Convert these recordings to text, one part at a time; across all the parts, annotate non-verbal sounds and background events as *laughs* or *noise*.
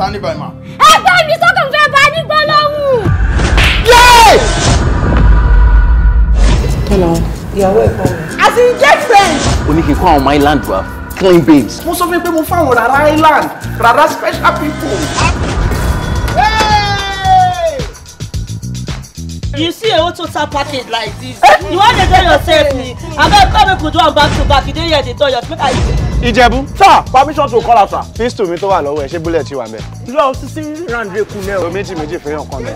standing by ma. ẹgbẹ́ mi sọ́kàn fẹ́ bá ní gbólóhùn. tọ́lá ìyàwó ẹ̀kọ́ mi. as in get friends. o ní kí n kó àwọn island wa clean babes. mo sọ fún yín pé mo fáwọn rárá island rárá special people. you see a whole total package like this you want to tell yourself me? ni abeg come make we do am back to back you dey hear the tell your make i. ìjẹ̀bú. sir permission to call out sir. pistol mi tó wà lọ́wọ́ ẹ̀ ṣé bullet ti wà mẹ́. lọ sísí round rẹ̀ kú náà. o méjì méjì fi hàn kan mẹ́.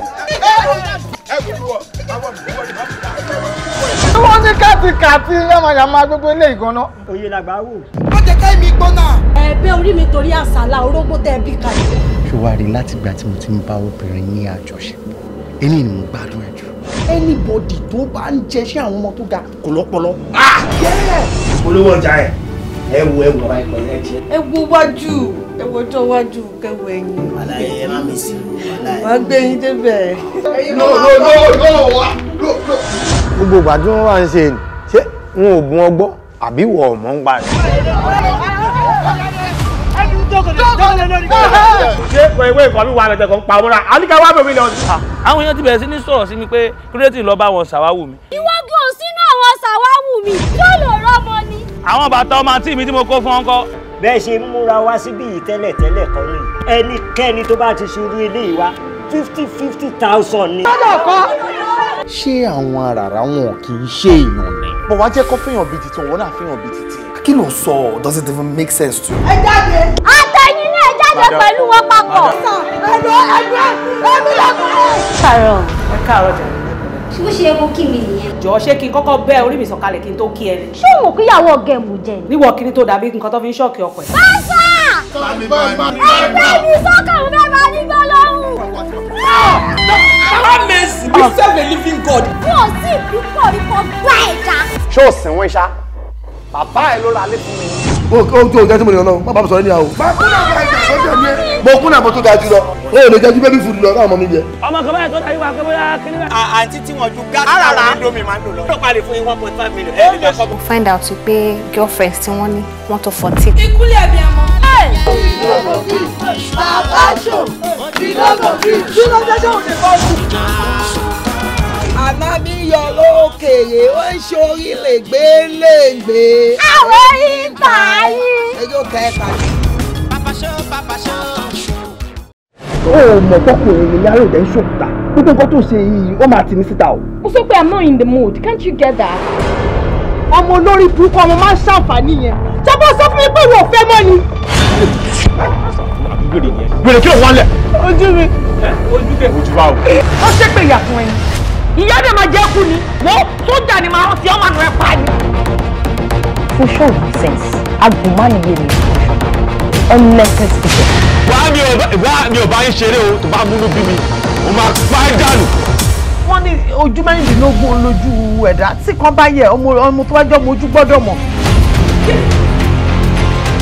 wọ́n ní kàtìkàtì yamayama gbogbo eléyìí gan-an. òye làgbà wò. ó jẹ́ ká èmi gbóná. ẹ̀ẹ́bẹ́ orí mi torí àsálà orógbó bí kalẹ̀. ṣùwárí látìgbà tí mo ti ń bá obìnrin ní àjọṣepọ̀ eléyìí ni mo gbádùn ẹ̀ anybody tó bá ń jẹṣẹ́ àwọn ọmọ tó ga kò lọ́pọlọ. Ah! olówó ọjà ẹ ẹ wo ẹ wo báyìí pẹ̀lú ẹ̀jẹ̀. ẹ wo wájú ẹ wo ọjọ́ wájú kẹwọ ẹ̀yìn. aláyé ẹ má mi sí i. wàá gbé yín débẹ̀. no no no no wa no no. gbogbo ìgbà tí wọ́n wá ń ṣe ṣé wọn ò bu wọn gbọ́ àbí wọ́n ò mọ̀ ń parí ṣé ìwé ìkọ́ mi wà lẹ́tẹ̀ kan pa ọmọdé àníkà wà bẹ̀rẹ̀ mílíọ̀nù. àwọn èèyàn ti bẹ̀rẹ̀ sí ní sọ̀rọ̀ sí mi pé kúrẹ́tì lọ bá wọn ṣàwáwù mi. ìwọ́gbọ̀n ò sínú àwọn ṣàwáwù mi yóò lọ rọ́mọ ni. àwọn bàtà ọmọ àǹtí mi tí mo kó fún ọkọ. bẹ́ẹ̀ ṣe múra wá síbí yìí tẹ́lẹ̀ tẹ́lẹ̀ kan ní ẹnikẹ́ni tó bá ti ṣerú eléyìí wá fifty fifty thousand ni. lọ́dọ̀ kan. ṣé àwọn àràrà wọn kì í ṣe èèyàn ni. bọ̀ wá jẹ́ kó fẹ́yàn bíi titi òun náà fẹ́yàn bíi titi. kí ló sọ doesn't even make sense to you. ẹ jáde. Ah! ẹ̀yin náà jáde pẹ̀lú wọn papọ̀. ẹ̀rọ ẹ̀rọ ẹ̀mí lọ́kùnrin. káàárọ̀ ẹ káàárọ̀ jẹ. ṣé bó ṣe kó kí mi nìyẹn. jọ̀ọ́ ṣé kí n kọ́kọ́ bẹ́ orí mi sọ̀kalẹ̀ kí n tó kí ẹ ni. ṣé o mọ̀ pé ìyàwó ọ̀gẹ̀ mú jẹ ni. níwọ̀ kiri tó dàbí nǹkan tó fi ń ṣọ́ọ̀kì ọkọ̀ ẹ̀. báṣà ẹgbẹ́ mi sọ́kà mẹ́ta nígbà we serve a living God. Wọ́n sì fi pọ̀ ní kọ́ gbá ẹ̀dá. Ṣé òsìn wọn ṣá? Bàbá ẹ̀ ló o tó o jẹ́ tí mo lè lọ má bàbá sọ̀rọ̀ ní àwò. má kúnà mi. mo kúnà mo tó ga jù lọ o ò lè jẹ́ ju bébí fúdu lọ káwọn ọmọ mi jẹ. ọmọ kan báyìí tó darí wa pé bóyá kíní bá. àǹtí tí wọ́n ju gáàsì àwọn indomie máa ń lò lọ. ó parí fún one point five million. mo find out pé girlfriends tí wọ́n ní wọ́n tó fourteen. ìkúlẹ̀ ẹ̀bí ẹ̀ mọ́ òkèèrè ó ń ṣe orílẹ̀-ègbè lẹ́gbè. àwọn ìta yìí. ẹjọ́ ká ẹ pàdé. papaṣọ papaṣọ. ó mọ̀ tọkùnrin mi ní àròjẹ ń ṣòkúta pípé nǹkan tó ṣe yìí ó máa tì mí síta o. mo sọ pé i'm not in the mood can't you get that. ọmọ olórí burúkú ọmọ máa ń ṣàǹfààní yẹn jábọ̀ sọ fún mi pé ìwọ fẹ́ mọ́ ni. gbèrè kí ló wọlé. ojú mi. ojú kẹ. ojú bá wò. ó ṣépè ìyà fún ẹni ìyá dẹ̀ máa jẹ́ kú ni wo sójà ni màá rántí ọmọ àná ẹ pa ni. for sure nonsense agùnmánìyẹ ni unlimited speaker. wá mi ò bá mi ò bá ń ṣeré o tó bá múnú bí mi mo máa pa ẹ́ dànù. wọ́n ní ojú mẹ́rìndínlógún lójú ẹ̀dá tí kan bá yẹ ọmọ tó bá jẹ́ ọmọ ojú gbọ́dọ̀ mọ̀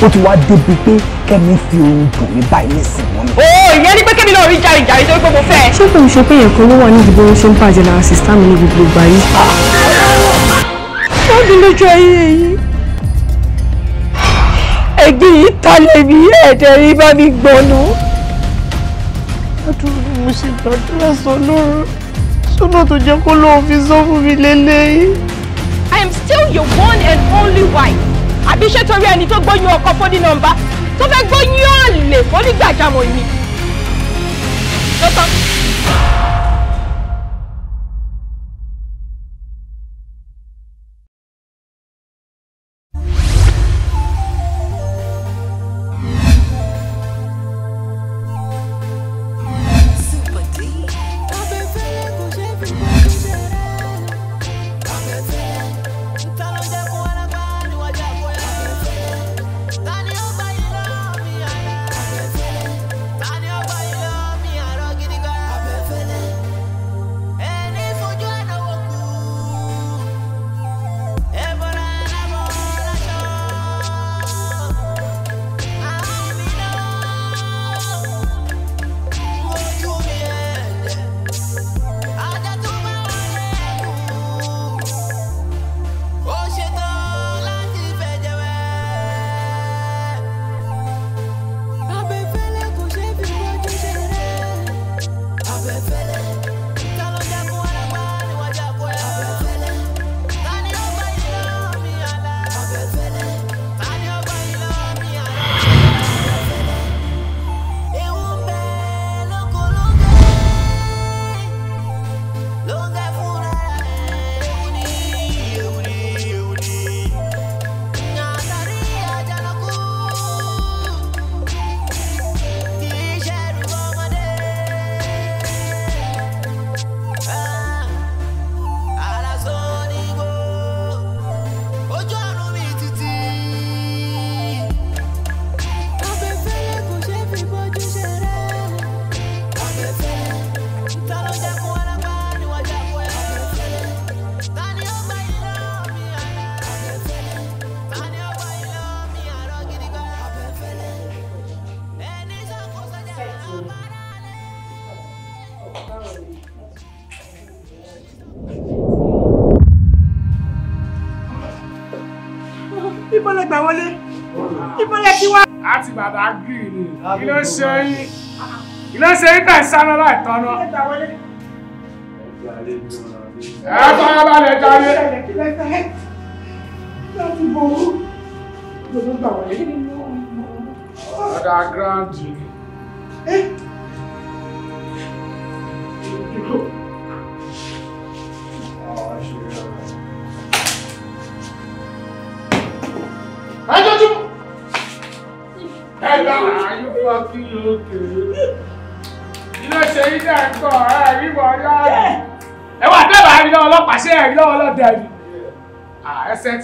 ó ti wá débi pé kẹ́mi fi oorun dùn mí báyìí nísìnyí wọn. ìyẹn ni pé kẹ́mi náà rí jàrìjàrì tó gbọ́ mo fẹ́. ṣé kò ń ṣe pé ẹ̀kọ́ ló wà ní ìdìbò ṣe ń bàjẹ́ lára sísá mi ní gbogbo ìgbà yìí. wọ́n mi lójú ayé yìí ẹ̀gbìn yìí talẹ̀ mi ẹ̀dẹ̀ rí bá mi gbọ́nú. àdúrà ni mo ṣe gbàdúrà sọlọ́run sọ́nà tó jẹ́ kó lóun fi sọ fún mi lélẹ́yìn. I am still your one and only wife àbí ṣé torí ẹni tó gbóyún ọkọ fóní nọ́mbà tó fẹ́ gbóyún ọ̀lẹ̀ fónígbàjámọ̀ mi. lọ́tọ́. bàbá gírì ni kí ló ṣe yín kí ló ṣe yín tẹ̀ sáná láì ẹ fara balẹ̀ jáde.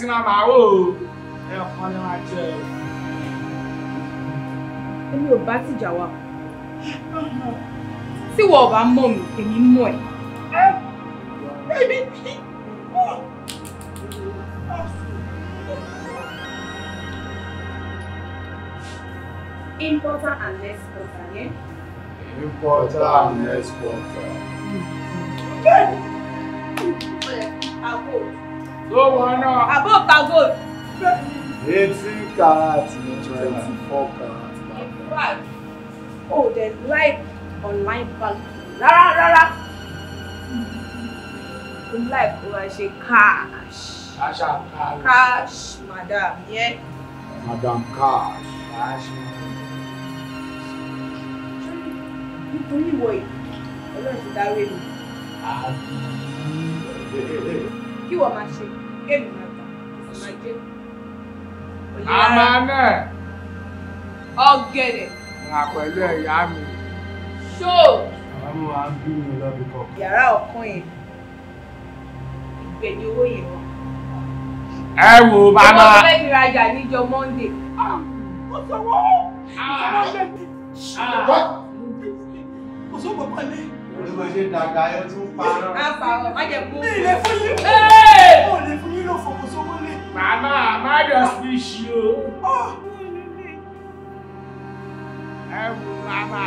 na máa wò ó ẹ̀kan ni máa jẹ o. èmi ò bá tìjà wa tí wọn ò mi èmi mọ̀ ẹ́. èmi Importer and exporter, yeah? Importer and exporter. Good! Hmm. Well, I'll go tó wọn náà. àbó pago. eighteen karat ní twenty four karat. in fact o oh, dey like online banking La la la like o wa ṣe cash. àṣà cash. cash madam yẹn. madam cash. cash. nítorí ìwọ yìí ọlọ́run ti dáwé mi. kí wọ́n máa ṣe kéèmù máa gbà kò ọ̀gẹ̀dẹ̀. ra pẹ̀lú ẹ̀yà mi. ṣó. àwọn máa ń bí mi lọ́bì kan. yàrá ọ̀kan yẹn ìgbẹ́ owó yẹn wà. ẹ wo màmá. ìwọ fẹ́ fi rajà níjọ Monday. ó sọ wọ́n. ìjọba ọ̀gbẹ́ mi. ṣùgbọ́n kò sóògùn pọ̀ ní mo ṣe dàgbà ayọ́ tún parọ́. a pààrọ̀ má jẹ kú. mi ì lè fún yín mo lè fún yín ló fòkó sówó lé. màmá àmàdà fi ṣí o. ẹ wù màmá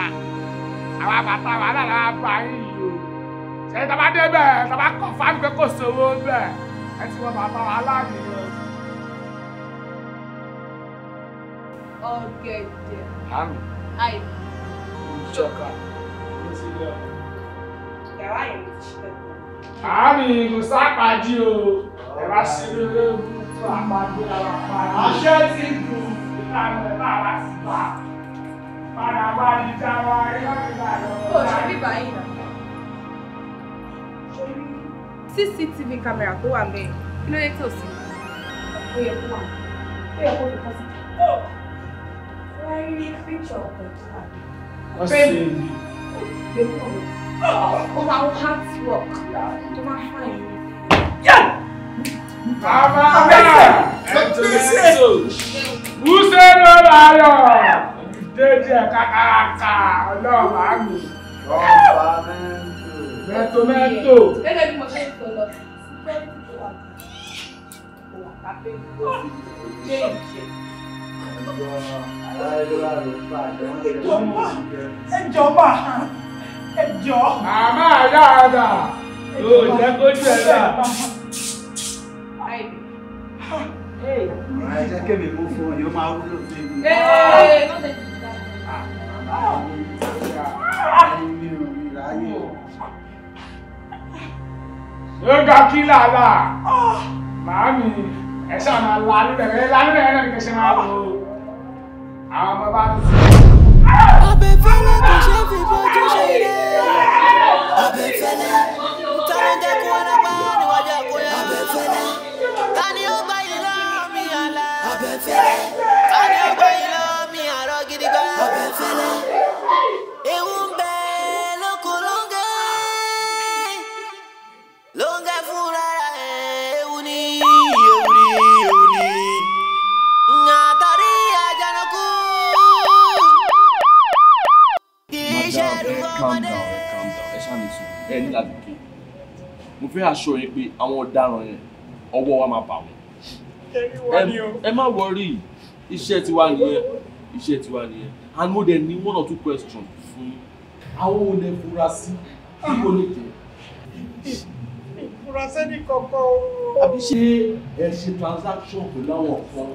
àwa bàtà wà lára bá yín yìí o. ṣé tàbá débẹ̀ tàbá kọ̀ fáwọn pé kò sówó bẹ̀ ẹ ti wọ bàbá wa láàyè o. ọ̀gẹ̀dẹ̀ àmì àìsàn ìjọba ló ti lọ. Amigo, yẹn ti ṣílẹ̀. àmì ìgùnsá pàdé o ẹ bá ṣe ló lóògùn fún àpàdé àwọn àpàdé. àṣẹ ti dùn ìlànà ẹ̀ bá wá sí wa padà bá ní jáwá ẹ láti bá lọ. ó ṣe bíbá yìí nà. CCTV camera tó wà lẹ́yìn kí ló yẹ tó sí. ó yẹ kó wà ó yẹ kó fi kọ́ sí. wọ́n rí píkṣọ̀ Yeah! Mama! Amazing! Who said no lion? Deje kakaraka Ọlọ́run àmì. Ọba mẹ́tò. Mẹ́tò mẹ́tò. Gẹ́gẹ́ bí ẹjọba ẹjọba ẹ jọ. àmà dáadáa yóò jẹ́ kó jẹ́ dáa. ẹ jẹ́ kémi mú fún ọ yóò máa wúlò fún mi. Yoga kila la, màámi ẹ ṣáà máa la nílẹ̀ ẹ la nílẹ̀ ẹ náà kẹsàn-án àwọn ọmọ bá ń sọ. I've been Abẹ́fẹ́lẹ́ kò ṣe fi I've been ilé. Abẹ́fẹ́lẹ́, ìtọ́lọ́jẹ́ kó wọ́n lágbára. mo fẹ́ aṣọ yẹn pé àwọn ọ̀daràn yẹn ọwọ́ wa máa bà wọ́n. ẹ má wọrí iṣẹ́ tiwa nìyẹn iṣẹ́ tiwa nìyẹn and mo dẹ̀ ní one or two questions fún yín. àwọn olè fura sí kí kò lè jẹ. ìfura sẹ́ni kankan o. àbí ṣe ẹ ṣe transaction pẹ̀lú àwọn kan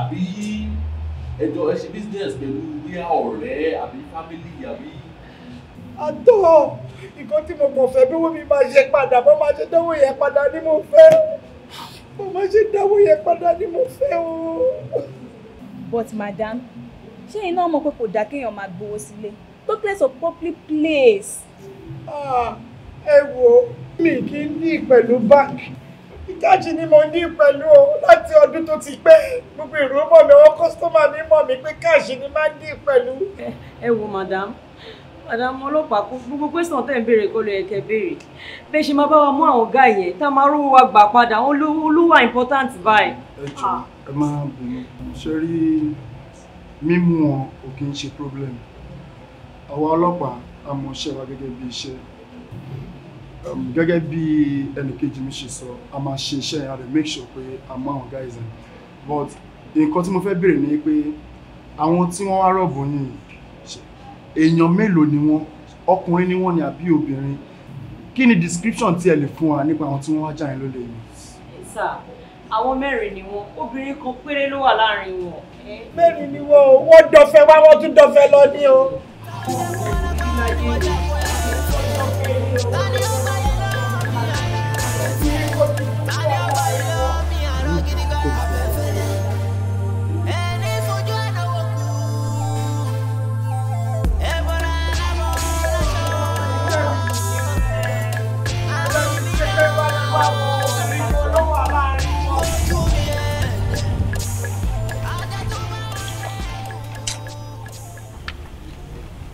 àbí ẹjọ ẹ ṣe business pẹ̀lú bíi ọ̀rẹ́ àbí family àbí. àtọ̀ nǹkan tí mo kàn fẹ́ bí wọ́n mi máa ṣe padà bọ́ máa ṣe dánwò yẹn padà ni mo fẹ́ bọ́ máa ṣe dánwò yẹn padà ni mo fẹ́ o. but madam ṣé iná ọmọ pé kò dáa kéèyàn máa gbowó sílé tó place of public place. Ah, ẹ wo mi kì í ní pẹ̀lú báńkì ìkájí ni mo ní pẹ̀lú o láti ọdún tó ti pẹ́ gbogbo ìrú mọ̀ mi àwọn kọ́sítọ́mà mi mọ̀ mi pé káàṣì ni máa ń ní pẹ̀lú. ẹ wo madam àdàmú ọlọ́pàá kú gbogbo pẹ́sàn tẹ̀ ń béèrè kó ló yẹ kẹ́ béèrè bẹ́ẹ̀ ṣe máa bá wa mú àwọn ọ̀gá yẹn tá a máa rówó wa gbà padà wọn ló wà important báyìí. ẹ jọ ẹ máa bínú ṣe rí mímú wọn kò kí n ṣe problem àwa ọlọ́pàá a mọ̀ ṣe wa gẹ́gẹ́ bí iṣẹ́ gẹ́gẹ́ bí ẹnìkejì mi ṣe sọ a máa ṣe iṣẹ́ yẹn a lè make sure pé a mú àwọn ọ̀gá yẹn but nǹkan tí mo fẹ́ béèrè ni pé àwọn tí wọ́n wá rọ̀bù yìí èèyàn mélòó ni wọ́n ọkùnrin ni wọ́n ni àbí obìnrin kí ni description tí ẹ lè fún wa nípa àwọn tí wọ́n wá jà yín lólè yìí. sà àwọn mẹ́rin ni wọ́n obìnrin kan péré ló wà láàrin wọn. mẹ́rin ni wọ́n wọ́n dọ̀fẹ́ wá wọ́n tún dọ̀fẹ́ lọ ní o.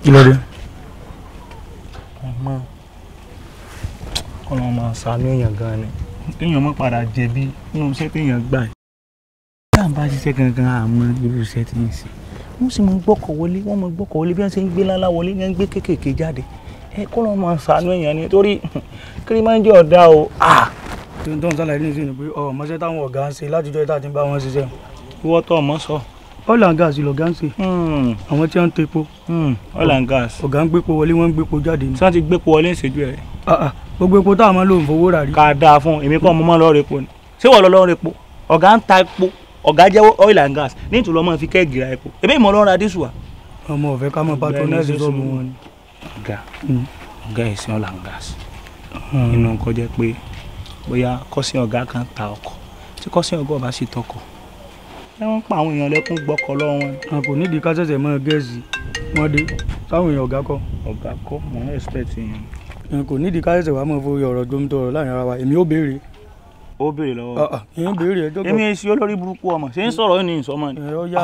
kí ló dé. ọmọ ọlọ́run máa ṣàánú èèyàn gan ni téèyàn mọ̀ padà jẹ̀bi nínú iṣẹ́ téèyàn gbà yìí. bí àǹbá ṣiṣẹ́ gangan àmọ́ irú iṣẹ́ tí ń ṣe wọ́n sì máa gbọ́kọ̀ wọlé wọ́n máa gbọ́kọ̀ wọlé bí wọ́n ṣe ń gbé lálá wọlé wọ́n ń gbé kéékèèké jáde ẹ kọ́ lọ́ọ́ máa ṣàánú èèyàn ni torí kiri máa ń jẹ́ ọ̀dà o. tó ń tọ́nu sálàyé ní ìsìn ni pé ọ̀ mọ́ṣẹ́ táwọn ọ̀gá ń ṣe látijọ́ ìta oil and gas lọ̀gá ń ṣe hmm. àwọn tí wọ́n ń to epo hmm, oil and gas ọ̀gá ń gbépo wọlé wọ́n ń gbépo jáde ni. sọ́n ti gbépo wọlé ń ṣèjú ẹ̀. gbogbo epo tá a máa ń lò ń fowó rà rí. ká dáa fún èmi kọ́ mo máa ń lọ́ọ́ repo ni ṣé wọ́n lọ lọ́ọ́ repo ọ̀gá ń ta epo ọ̀gá jẹ́ oil and gas ní ìtura ọmọ fi kẹ́ẹ̀gì ra epo èmi ìmọ̀ lọ́ọ́ ra dísù wa. ọmọ ọ̀fẹ́ ká mọ patronize sọ́ọ̀bù wọn ni. ọ̀gá hmm. ọ̀gá ẹ̀sìn oil and gas inú nǹkan jẹ́ pé bóyá kọ́sìn ọ̀gá kan ta ọkọ̀ tí kọ́sìn ọ̀gá ọba sì tọkọ̀ ṣé wọ́n pa àwọn èèyàn lẹ́kún gbọ́kọ̀ lọ́wọ́ wọn. a kò nídìí ká ṣẹ̀ṣẹ̀ mọ gẹ̀ẹ́sì wọn dé táwọn èèyàn ọ̀gá kọ. ọ̀gá kọ mò ń yẹn. a kò nídìí ká ṣẹ̀ṣẹ̀ wàá mọ̀ fún ọ̀rọ̀ tó ń tọrọ láàrin ara wa èmi ó béèrè. ó béèrè lọ́wọ́. Ah, ah, èmi ń béèrè ẹjọ́ kan. èmi èsì olórí burúkú ọmọ ṣé ń sọ̀rọ̀ ní ìsọmọ ni. ẹ ọ yá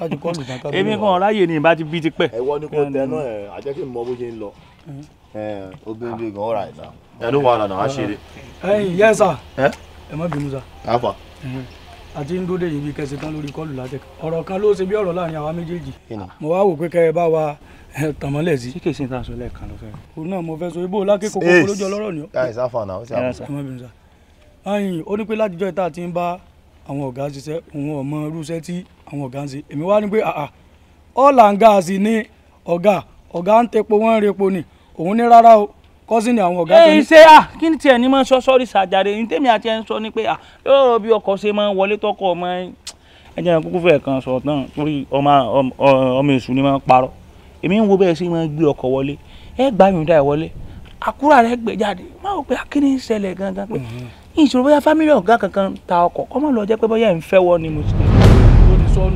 láti kọ́ lùtàn ká èmi kan ráyè ni ìbá ti bí ti pẹ́. ẹ̀wọ́ ni kò tẹnu ẹ̀ àjẹ́kí mọ bó ṣe ń lọ. obìnrin bíi gan ọ̀rà ìta. ẹ ló wà lànà àṣírí. ẹ yẹ sà ẹ má bínú sà. káfà àti ń dóde yìí bí kẹsì tán lórí kọlù látẹk ọ̀rọ̀ kan ló ṣe bí ọ̀rọ̀ láàrin àwa méjèèjì mo wá wò pé kẹ ẹ bá wa eh, tàmọ́lẹ̀ sí. kíkè sí ta sọ lẹ́ẹ̀kan ló fẹ́. òun náà mo fẹ́ sọ ibò lákè kókó olójú ọlọ́rọ̀ ni. ẹ sáfà náà ó sì àbọ̀. ayin ó ní pé látijọ́ ìta ti ń bá àwọn ọ̀gá ṣiṣẹ́ òun ọmọ irúṣẹ́ tí àwọn ọ̀gá ń ṣe èmi wá ní pé àà ọ̀là ń gáàsì ní ọ̀gá ọ̀gá ń tepo wọ́n ń repo ni òun ní rárá kọ́sìnì àwọn ọ̀gá tó ní. ṣé à kí ni tiẹ̀ ní máa ń sọ sọ́ọ́rì ṣàjàre ní tèmi àti ẹ̀ ń sọ ni pé à yóò bí ọkọ̀ ṣe máa ń wọlé tọkọ̀ ọmọ ẹ jẹ́ kúkú fẹ́ kan sọ náà torí ọmọ èṣù ni máa ń parọ́ èmi ń wo bẹ́ẹ̀ sí máa ń gbé ọkọ̀ wọlé ẹ gbá yòǹda ẹ̀ wọlé àkúrà rẹ̀ gbé jáde má wò pé akíní ń ṣẹlẹ̀ gangan pé mhm. ìṣòro bóyá fámílì ọ̀gá kankan ta ọkọ̀ kọ́mọ̀ lọ jẹ́ pé bóyá ìfẹ́ wọ ni mo ti. ó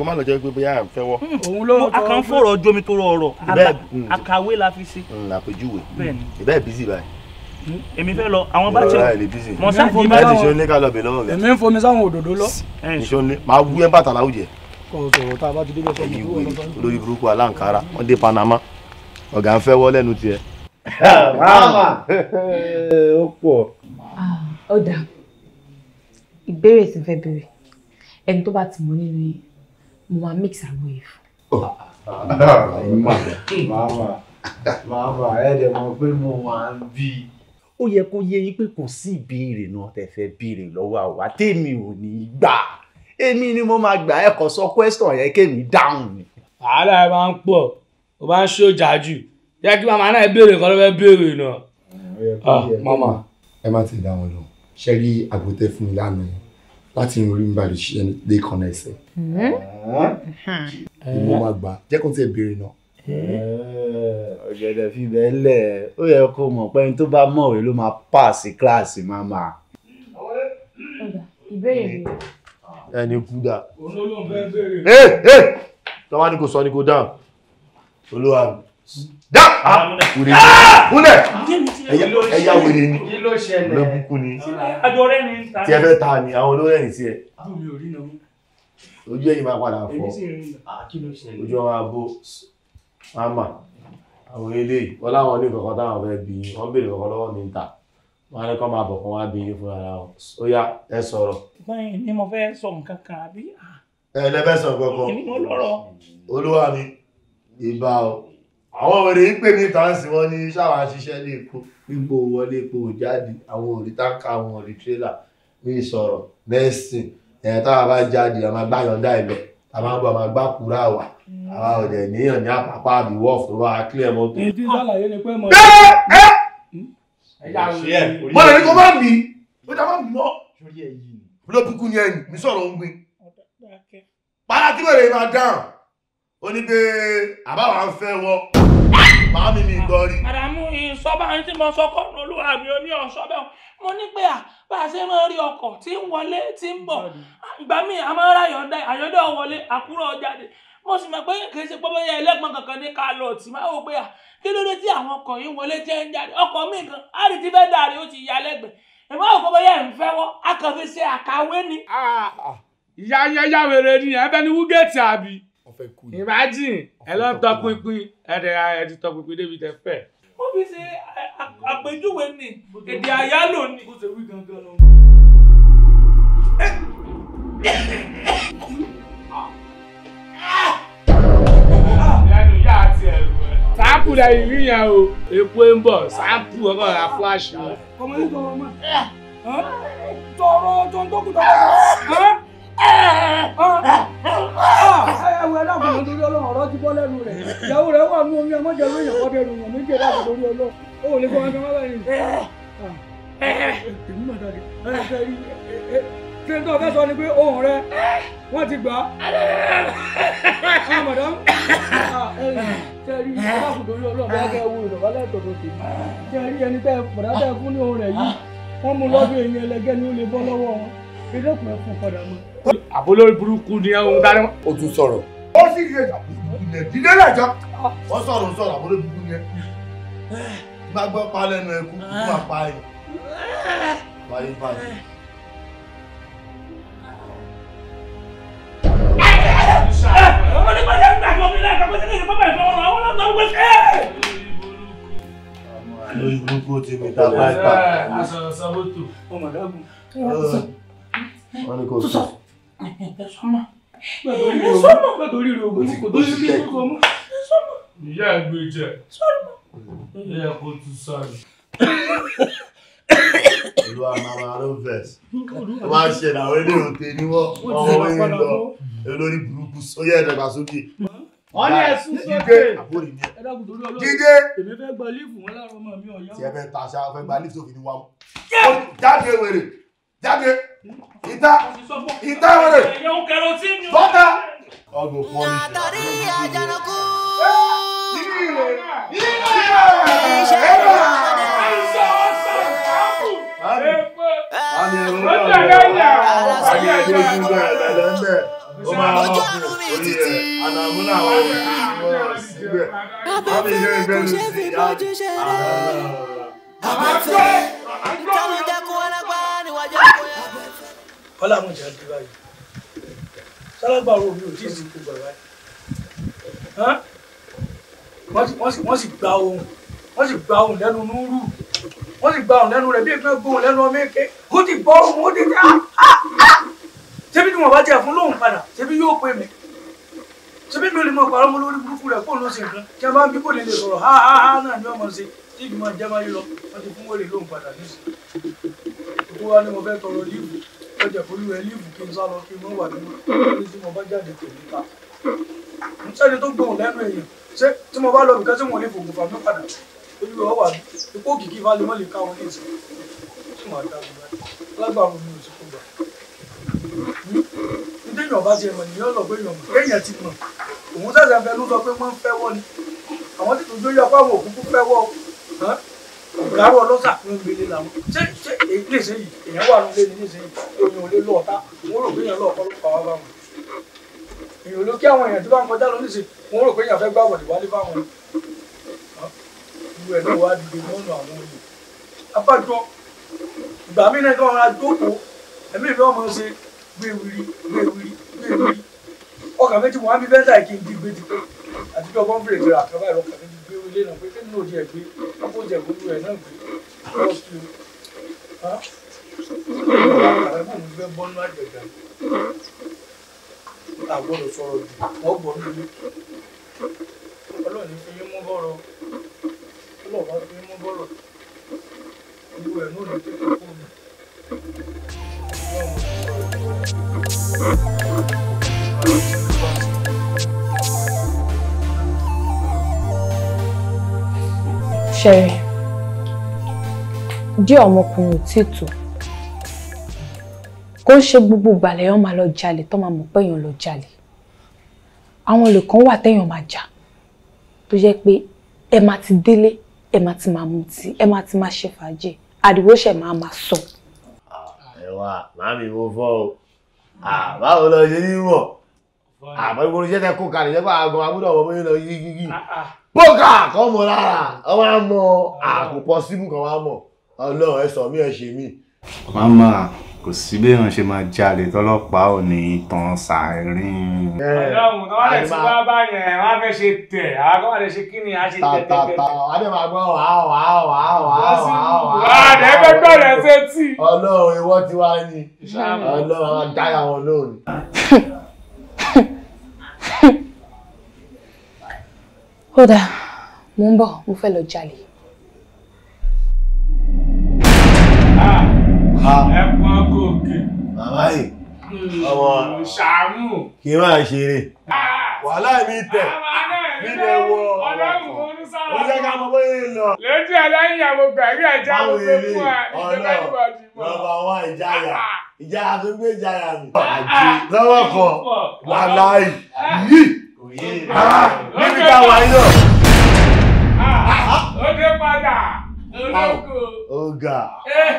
kó má lọ jẹ́ pé bóyá à ń fẹ́ wọ́. Hmm, òun ló tọ́ a kàn fọ̀rọ̀ jomi tó rọrọ̀ hmm. àkàwé la fi ṣe. Hmm, àpèjúwe ìbẹ́ẹ̀ bísí báyìí èmi fẹ́ lọ àwọn bá tẹ mọ sáfì bá tẹ ìṣọ́nlé ká lọ bẹ̀ lọ́wọ́ rẹ̀ èmi ń fomi sáwọn òdòdó lọ. ìṣọ́nlé máa wú ẹ bàtà láwùjẹ. kọ̀ọ̀sọ̀rọ̀ tá a bá ti dé lọ́sọ̀rọ̀ ìlú wọn lọ́sọ̀rọ̀. olórí burúkú aláǹkárá wọn dé Panama ọ̀gá ń fẹ́ wọ́ lẹ́nu tiẹ̀. *laughs* ó pọ̀. Ah, ó dà ìbéèrè tí n fẹ́ béèrè ẹni tó bá ti mọ nínú yìí mo máa mix àgbo yìí fún. màmá màmá ẹ dẹ̀ mọ̀ pé mo máa ń bí i. ó yẹ kó yé yín pé kò sí ìbéèrè náà tẹ́ fẹ́ béèrè lọ́wọ́ àwa tèmi ò ní í gbà èmi ni mo máa gbà ẹ kò sọ question yẹn kémi dáhùn ni. àárẹ̀ ẹ máa ń pọ̀ ó máa ń ṣòjà jù jẹ́ kí màmá náà béèrè kọ́ ló fẹ́ béèrè náà. Ah, màmá ẹ má ti dá wọn lọ ṣe rí àgbọ̀tẹ́ fún mi lánàá láti orí mi báyìí ṣiṣẹ́ lé kan náà ẹsẹ̀. ìwọ máa gbà jẹ́ kó tiẹ̀ béèrè náà. ọ̀gẹ̀dẹ̀ fi bẹ́ẹ̀ lẹ̀ ó yẹ kó mọ̀ pé ẹni tó bá mọ̀wé ló máa pààsì kíláàsì máa máa. ìbéèrè mi. ẹni kú dà. olóhùn fẹ́ béèrè. tọ́wá ni kò sọ ni kò dáhùn olúwa dá. kúlẹ̀ kúlẹ̀. Ah! ẹ̀yà wèrè ni lọ́bùkún ni tí ẹ fẹ́ ta ni àwọn olóòrẹ́ ní sí ẹ ojú ẹ̀yìn máa padà fọ́ ah, ojú ọmọ abó mama àwọn eléyìí wọ́n láwọn ní kọ̀ọ̀kan táwọn fẹ́ bí wọ́n béèrè kọ̀ọ̀kan lọ́wọ́ mi ta wọ́n á ní kọ́ máa bọ̀ kún wá bí fún ara wọn ó yá ẹ sọ̀rọ̀. báyìí ni mo fẹ́ sọ nǹkan kan àbí. Ah. ẹ lẹ́fẹ́ sọ kọ̀ọ̀kan olúwa mi ìbá o àwọn wèrè ń pè ní tàǹsì wọn ní sáwà ṣiṣẹ́ ní ikú epo wọlé epo jáde àwọn òrí táǹkà àwọn òrí tírélà mi sọ̀rọ̀ nẹ́sìn ẹ̀ táwa bá jáde àwọn agbáyọ̀ndà ẹ̀mẹ́ àwọn àgbà máa gbá kúrà wà àwọn ọ̀dẹ̀ níyàn ní àpapá àbí wọ́ọ̀fù tó wà kílẹ̀ mọ́tò. ètí sàlàyé ni pé mo. ẹ ẹ mo lè ní kó má bì í ó dá má bì mọ́ olókùnkùn ni ẹ̀yìn mi sọ̀rọ̀ ń gbin pàrọ̀ tí wèrè máa dáhùn ó ní pé àbáwá ń fẹ́ wọ́ màá mi mi gbọ́ rí. àdàmú ìsọ́bà yín tí mo sọ kọ́ olúwa mi ò ní ọ̀ṣọ́ bẹ́ẹ̀ mo ní pé à bá a ṣe máa rí ọkọ̀ tí ń wọlé tí ń bọ̀ ìgbà míì a máa ń ra àyọ̀dẹ́ àyọ̀dẹ́ wọlé àkúrò jáde mo sì mọ̀ pé kì í ṣe pọ́pọ́ yẹ ẹlẹ́gbọ̀n kankan ní kálọ̀tì máa wò pé à kí ló dé tí àwọn ọkọ̀ yìí wọlé jẹ́ ń jáde ọkọ̀ míì kan á rí fẹ́ dàrí ó ti ya lẹ́gbẹ̀ẹ́ ìmọ̀ ni. Ah, ah, ìyá yẹn yá wèrè imagine ẹ lọ tọpinpin ẹdẹ ẹdí tọpinpin débi tẹ fẹ. ó fi ṣe àpèjúwe ni èdè àyálò ni. bó ṣe wí gangan lọ. sáàpù la yìí yẹn o epo ń bọ̀ sáàpù ọkọ̀ ra fúláṣì. kọ́mọ́lé tọrọ ọmọ tọrọ tó ń tó ẹwọ ìyàwó rẹ̀ wà nú omi ọmọdé lórí èèyàn kọ́dé ẹnu yàn méjì dàgbọ́n lórí ọlọ́run ó lè fọwọ́ ẹgbẹ́ wọn bẹ́ẹ̀ ni. èmi mà dàgbé ṣe ń tọ́ fẹ́ sọ ni pé ohun rẹ wọ́n ti gbà á madam tẹ́rí alákòókò lórí ọlọ́run bá kẹ́ wo ìrọ̀lá lẹ́tọ̀ọ́ tó tèmi tẹ́rí ẹni tẹ́ padà tẹ́ fún ní ohun rẹ̀ yìí wọ́n mú lọ́dún èyí ẹlẹgẹ́ ni ó lè bọ́ lọ́wọ́ wọn ìdẹ́kùn àbólórí burúkú ni òun dáná. o tún sọ̀rọ̀. ó sì yẹ ìdílé lẹ́jọ́. wọ́n sọ̀rọ̀ sọ̀rọ̀ àbólórí burúkú ni ẹ. bá gbọ́ pa lẹ́nu ẹkú kú máa pa ẹ̀. báyìí báyìí. ọmọ nípa ṣe ń gbàgbọ́ mi lẹ́ẹ̀kan pé sílẹ̀ ìfọ́fẹ́ ìfọwọ́ náà wọ́n lọ́ọ́ gbé ṣe é. lórí burúkú ti mi ta báyìí pa. aṣọ ìsanwó tó. ọmọ dágùn. wọ́n ní kò sọ ẹ̀sọ́mọ̀ ẹ̀sọ́mọ̀ gbàdọ̀ orí rẹ̀ ògùn kò tó sí ọmọ ẹ̀sọ́mọ̀. ìyá ẹgbẹ jẹ ẹ kò tún sáré. olú àmàmà ló ń fẹ wá ṣe àwọn ilé òde ni wọn ọmọ yìí lọ olórí burúkú sóyè ẹdẹgbàsókè. wọn ní ẹsùn sókè jíde èmi fẹ́ gba lífù wọn láàárọ̀ ọmọ mi ọ̀yá. tí ẹ fẹ́ ta aṣa fẹ́ gba lífù tó fi ní Ita, ita, wẹrẹ tọ́ka ọdún fún mi. látàrí ilé ilé ilé ẹ̀rọ. Ani ẹ̀rọ náà lọ, ani ẹ̀rọ ojú bẹ̀rẹ̀ lẹ́lẹ́mbẹ̀, ó máa wọ́n fún orí ẹ̀, ànàmú náà wọ́n fi wọ́n síbẹ̀. Bábí ilé ìbẹ̀rù sí ìyá. táwọn jẹ́ kó wọ́n lágbá níwájú ẹ̀kọ́ yẹn kọ́lá àwọn ìjà dé báyìí sálágbà ro mi ò tí ì sí gbogbo ẹ̀ báyìí wọ́n sì gba ohun wọ́n sì gba ohun lẹ́nu núrú wọ́n sì gba ohun lẹ́nu rẹ̀ bí ìpínlẹ̀ gbóhùn lẹ́nu ọmọ èké kó ti bọ́ ohun ó ti dá ṣébí ni wọ́n bá jẹ́ fún lóhùn padà ṣébí yóò pè mí ṣébí mi ò lè mọ pàrọ̀ mọ́ lórí burúkú rẹ̀ kó ló ṣe nǹkan tí a bá ń bí kò ní lè sọ̀rọ̀ ha ha ha náà ni ọmọ ṣe tí ìgbìmọ̀ jẹ́ máa yí lọ wọ́n ti fún wọ́n lóhùn padà nísìnyí. òkú wa ni mo fẹ́ tọrọ líìfù ó jẹ́ kó lúwẹ̀ kí n sá lọ kí n wà nínú ilé tí mo bá jáde kò ní ta tó gbọ̀n lẹ́nu èèyàn ṣé tí mo bá lọ bìkan tí mo lè fògùn fàmí padà olúwa ọwà ipò kìkì ìfàlẹ́ lè ká wọn léèṣẹ́ tí mo dá mi báyìí mi ò sì kó gbà ní téèyàn bá ti ẹ̀mọ̀ nìyẹn lọ pé èèyàn mọ̀ kéèyàn ti mọ̀ òun sẹ̀sẹ̀ fẹ́ ló sọ pé wọ́n fẹ́ wọ́ ni àwọn tètè ojú yọ ìgbàrú ọlọ́sà fún gbélé làwọn ṣé ṣé èyí lè ṣe yìí èèyàn wà lóde ní níṣẹ́ yìí èèyàn ò lè lọ ọ̀tá wọn rò pé èèyàn lọ ló pa wá báwọn èèyàn ló kí àwọn èèyàn tó bá ń kọjá lọ níṣẹ́ wọn rò pé èèyàn fẹ́ gbà wọ̀lẹ̀ wálé báwọn ìlú ẹ̀ ló wá dìde mọ́nà àwọn olè abájọ ìgbà mí náà kí wọn ra jókòó ẹ̀mí ìfẹ́ ọmọ ṣe gbéwìrì gbéwìrì gbéwìrì ọkà méjì wọn á bí bẹ́ńtà ilé náà pé kí nínú òdi ẹ̀ gbé kó jẹ gbogbo ẹ̀ náà gbé lọ sí o àrẹ́bùn fẹ́ bọ́nú àjẹ̀gà àgbọ̀dọ̀ sọ̀rọ̀ jù wọ́n gbọ́ nílé ọlọ́ọ̀ni fi yín mú bọ́rọ̀ ọlọ́ọ̀bá fi yín mú bọ́rọ̀ Thank you. Sherry, díẹ̀ ọmọkùnrin ò tí tó. Kó ṣe gbogbo ìgbàlẹ̀ yẹn máa lọ jalè tó máa mọ̀ pé èèyàn lọ jalè. Àwọn olè kan wà téèyàn máa jà tó jẹ́ pé ẹ máa ti délé, ẹ máa ti máa mutí, ẹ máa ti máa ṣe fàájì, àdìwó ṣẹ̀ máa máa sọ. Ẹ̀wà, màámi mo fọ́ o. Báwo lọ ṣe ní mọ̀? Àmọ́ ìgbóni jẹ́ tẹ́ kó kalẹ̀ jẹ́ pé àgbọn agbúdọ̀ ọmọ mi lọ yí gígí. Ah, ah bókà kọ́ mọ lára ọmọ àmọ àkùpọ̀ síbù kan wá mọ̀ ọlọ́run ẹ sọ mí ẹ ṣe mí. màmá kò sí bí èèyàn ṣe máa jalè tọlọ́pàá ò ní tàn sàárín. ọlọ́run tó wá lè ti wá báyẹn wá fẹ́ ṣe tẹ̀ àgọ́ àlẹ́ ṣe kí ni a ṣe tẹ̀ tẹ̀ tẹ̀. adé máa gbọ́ wà á wà á wà á wà á wà á wà á. àdé fẹ́ gbọ́dọ̀ ṣe tì. ọlọ́run ìwọ ti wá ní ọlọ́run àdáyà lónìí. *laughs* kódà mo ń bọ̀ mo fẹ́ lọ jalè. Ah, ah. ẹ̀pọ̀n gòkè. bàbá yìí hmm, ọmọ ṣàánú. kì í máa ṣeré. Ah. wàhálà mi tẹ̀ mi lè wọ ọlọ́run ó jẹ́ ká mọ bóyá ń lọ. lójú ẹlẹ́yìn ìyàwó gbẹ̀rí ẹ̀já gbogbo fún wa ìjọba ìwà ìdìbò. nọ́mbà wọn ìjáyà ìjáyà tó gbé ìjáyà lọ́wọ́ kan wàhálà yìí. Okay, ah, ah, níbi ká wà yín náà. ó dé padà olóko. ọ̀gá eh.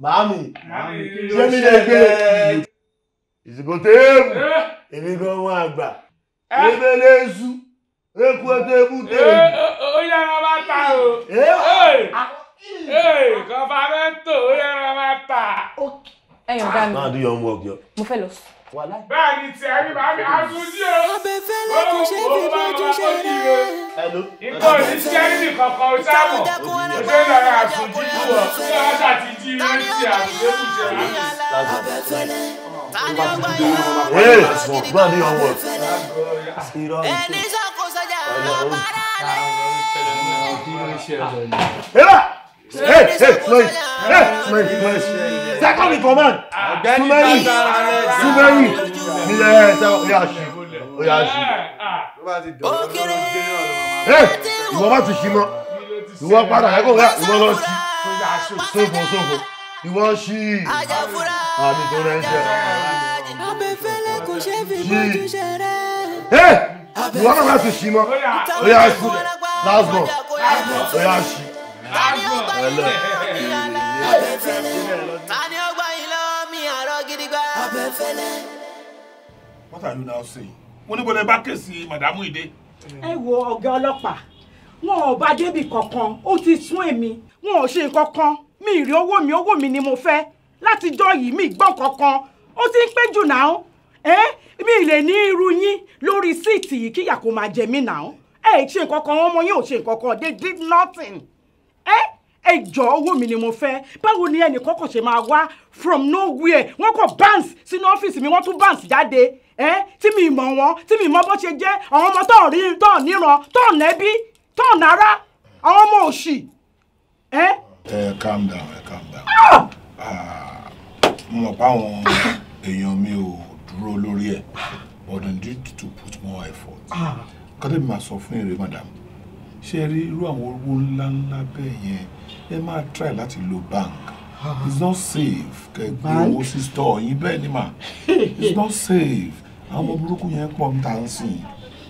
màámi ṣé mi lè gbé ìsìnkú téèmù eh. èmi gan wọn àgbà ebe lè zu eku ẹtọ ebu téèmù. ó eh, yára bá ta o kọfàmẹ́ntò ó yára bá ta. ẹ̀yin ọ̀gá mi. máa do your homework yọ. mo fẹ́ lọ sùn bẹ́ẹ̀ ni tí ẹni bá mi àtúndí o ó ó bá máa kó sí i o ikọ̀ ní tí ẹni nìkan kan ó sábọ̀ ó ṣe lọ́ra àtúndí tó wọ̀ tí wọ́n bá ti di irú tí àtúndí ṣe rà. Wait, man, you are what? Ela! Hey, hey, Sumeri. Hey, Sumeri, Sumeri. Second in command. Sumeri. Sumeri. Nílẹ̀ ẹ̀ ṣe ọ̀yà ṣì. Hey, ìwọ má tún ṣí mọ́. Ìwọ padà ẹ̀kọ́ wẹ̀ ìwọ lọ ṣí. Sófo sófo. Ìwọ ṣí. Àbí tó rẹ̀ ń ṣe. Abẹ́fẹ́lẹ́ kò ṣe é fi bójú ṣe rẹ̀. Ìwọ náà má tún ṣí mọ́. Ọ̀yà ṣì. Last one. Ọ̀yà What are you now saying? mo ní gbọdọ̀ bá kèsì màdàmú ìdè. ẹ wo ọ̀gá ọlọ́pàá wọn ò bá débi kankan ó ti sún èmi wọn ò ṣe kankan mi ìrí owó mi owó mi ni mo fẹ́ látijọ́ yìí mi gbọ́ kankan ó ti ń pẹ́ jù náà ẹ́ mi lè ní irú yín lórí síìtì yìí kíyà kó máa jẹ mí náà ẹ̀ ṣe nǹkan kan ọmọ yín ò ṣe nǹkan they did nothing. Eh, ẹ ẹ jọ owó mi ni mo fẹ́ báwo ni ẹnì kọ́kọ́ ṣe máa wá from nowhere wọ́n kọ́ bounce sínú ọ́fíìsì mi wọ́n tún bounce jáde ẹ eh, tí mi mọ̀ wọ́n tí mi mọ̀ bó ṣe jẹ́ àwọn ọmọ tó rí tó níran tó nẹ́bí tó nára àwọn ọmọ òṣì. Eh? ẹ calm down ẹ calm down ah! Ah, mo mọ̀ pé àwọn èèyàn mi ò dúró lórí ẹ̀ but I need to put more effort ah. kọ́dé mi máa sọ fún èrè madam ṣe rí irú àwọn owó ńlá ńlá bẹ́ẹ̀ yẹn ẹ máa try láti lo bank it's not safe kẹ gbé owó sí store yín bẹ́ẹ̀ ni mà *laughs* it's not safe àwọn burúkú yẹn pọ̀ ń tà ń sìn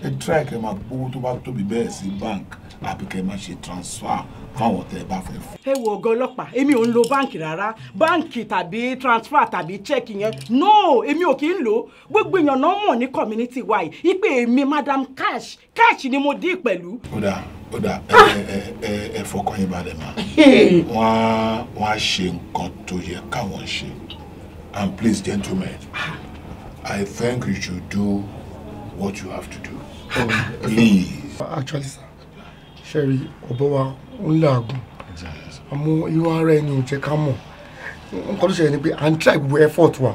ẹ try kẹ máa gbowó tó bá tóbi bẹ́ẹ̀ sí bank àbí kẹ́ ẹ má ṣe transfer fáwọn tẹ́ ẹ bá fẹ́ fún. ẹ wo ọ̀gá ọlọ́pàá èmi ò ń lo báǹkì rárá báǹkì tàbí transfer tàbí check yẹn no èmi ò kì í lò ó gbogbo èèyàn náà mọ̀ ní community wa yìí ipe èmi madam cash cash ni mo dí pẹ̀lú. ó dáa ó dáa ah! ẹ ẹ ẹ ẹ fọkàn yín balẹ̀ mọ́ wọ́n á wọ́n á ṣe nǹkan tó yẹ káwọn ṣe and please gentlemen ah! I think you should do what you have to do. Ah! please. Actually, sir ṣẹ́rí ọ̀bọ wa ń làágùn àmọ́ irun ara ẹni ò jẹ́ ká mọ̀ nǹkan tó ṣẹlẹ̀ ni pé à try gbogbo effort wa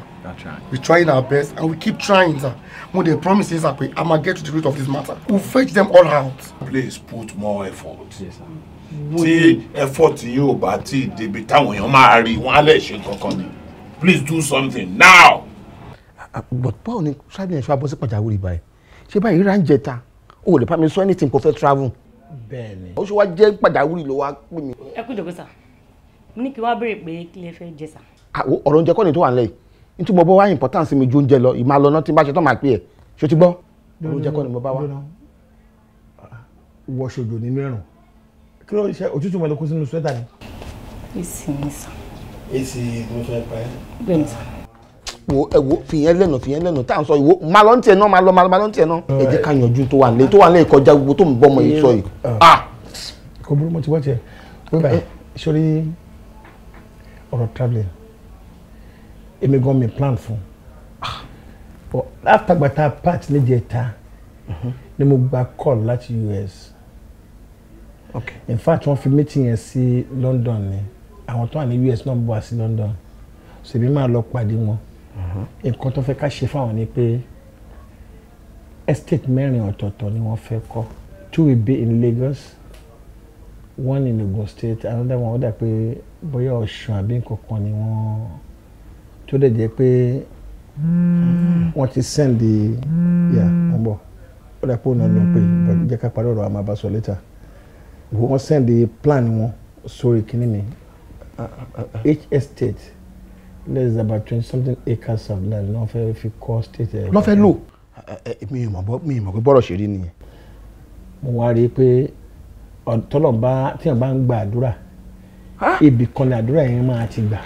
we trying our best and we keep trying sir mo dey promise you sir pe i ma get to the root of this matter we we'll fetch them all out. please put more effort tí effort yóò bá tí ì débi táwọn èèyàn máa rí wọn á lè ṣe kankan ni please do something now. but báwo ni sábìyàn ṣe wá bọ́ sí pàjáwìrì báyìí ṣé báyìí ránjẹta o ò lè bá mi sọ anything kò fẹ́ travel bẹ́ẹ̀ ni. ó ṣe wá jẹ́ pàjáwìrì ló wá pè mí. ẹ kú jòkó sà mo ní kí wàá béèrè pé kí lè fẹ́ jẹ sà. ọ̀rọ̀ oúnjẹ kọ́ ni tó wà nílẹ̀ yìí nítorí mo bọ́ wá importance mi ju oúnjẹ lọ ìmọ̀ àlọ́ náà tí n bá ṣe tán máa pè ẹ̀ ṣó ti gbọ́ oúnjẹ kọ́ ni mo bá wá. wọ ṣojo nínú ẹ̀rùn kí ló ṣe òtútù mọ̀ ló kó sínú swẹ́tà ni. èsì ni sà. èsì ló fẹ́ pa ẹ́. bẹ́ẹ̀ ni sà wo ẹ wo fìyẹn lẹ́nu fìyẹn lẹ́nu tá à ń sọ ìwo má lọ ní tiẹ̀ náà má lọ má lọ ní náà ẹ jẹ́ ká yanjú tó wà nílé tó wà nílé kọjá gbogbo tó ń bọ́ ọmọ yìí sọ yìí. kò burú mo ti wá tiẹ̀ wí báyìí sórí ọ̀rọ̀ travelling èmi gan mi plan fún un látàgbàtà part níjẹta mm-hmm. ni mo gba call láti US okay. in fact wọ́n fi meeting yẹn sí London ni àwọn tó wà ní US náà bọ̀ wá sí London ṣèbí máa lọ pàdé wọn nǹkan tó fẹ́ ká ṣe fáwọn ni pé estate mẹ́rin ọ̀tọ̀ọ̀tọ̀ ni wọ́n fẹ́ kọ́ two will be in Lagos one in Ogun State another one ó dà pé bóyá Ọ̀ṣun àbí nǹkan kan ni wọ́n tó dẹ̀ jẹ́ pé wọ́n ti send the yà wọ́n bọ̀ ó dà pé òun náà ló ń pè but jẹ́ ká parí ọ̀rọ̀ àmọ́ àbá sọ later wọ́n send the plan wọn sórí kínní mi each estate there's about twenty something acres of land náà fẹ́ fi kọ́ state ẹ̀. Eh, lọ́fẹ́ lò eh, eh, mi ò mọ̀ bọ́ mi ò mọ̀ pé bọ́rọ̀ ṣe rí nìyẹn. mo wá rí i pé tọ́lọ̀ba tíyàn bá ń gba àdúrà ibì kan ní àdúrà yẹn máa ti gbà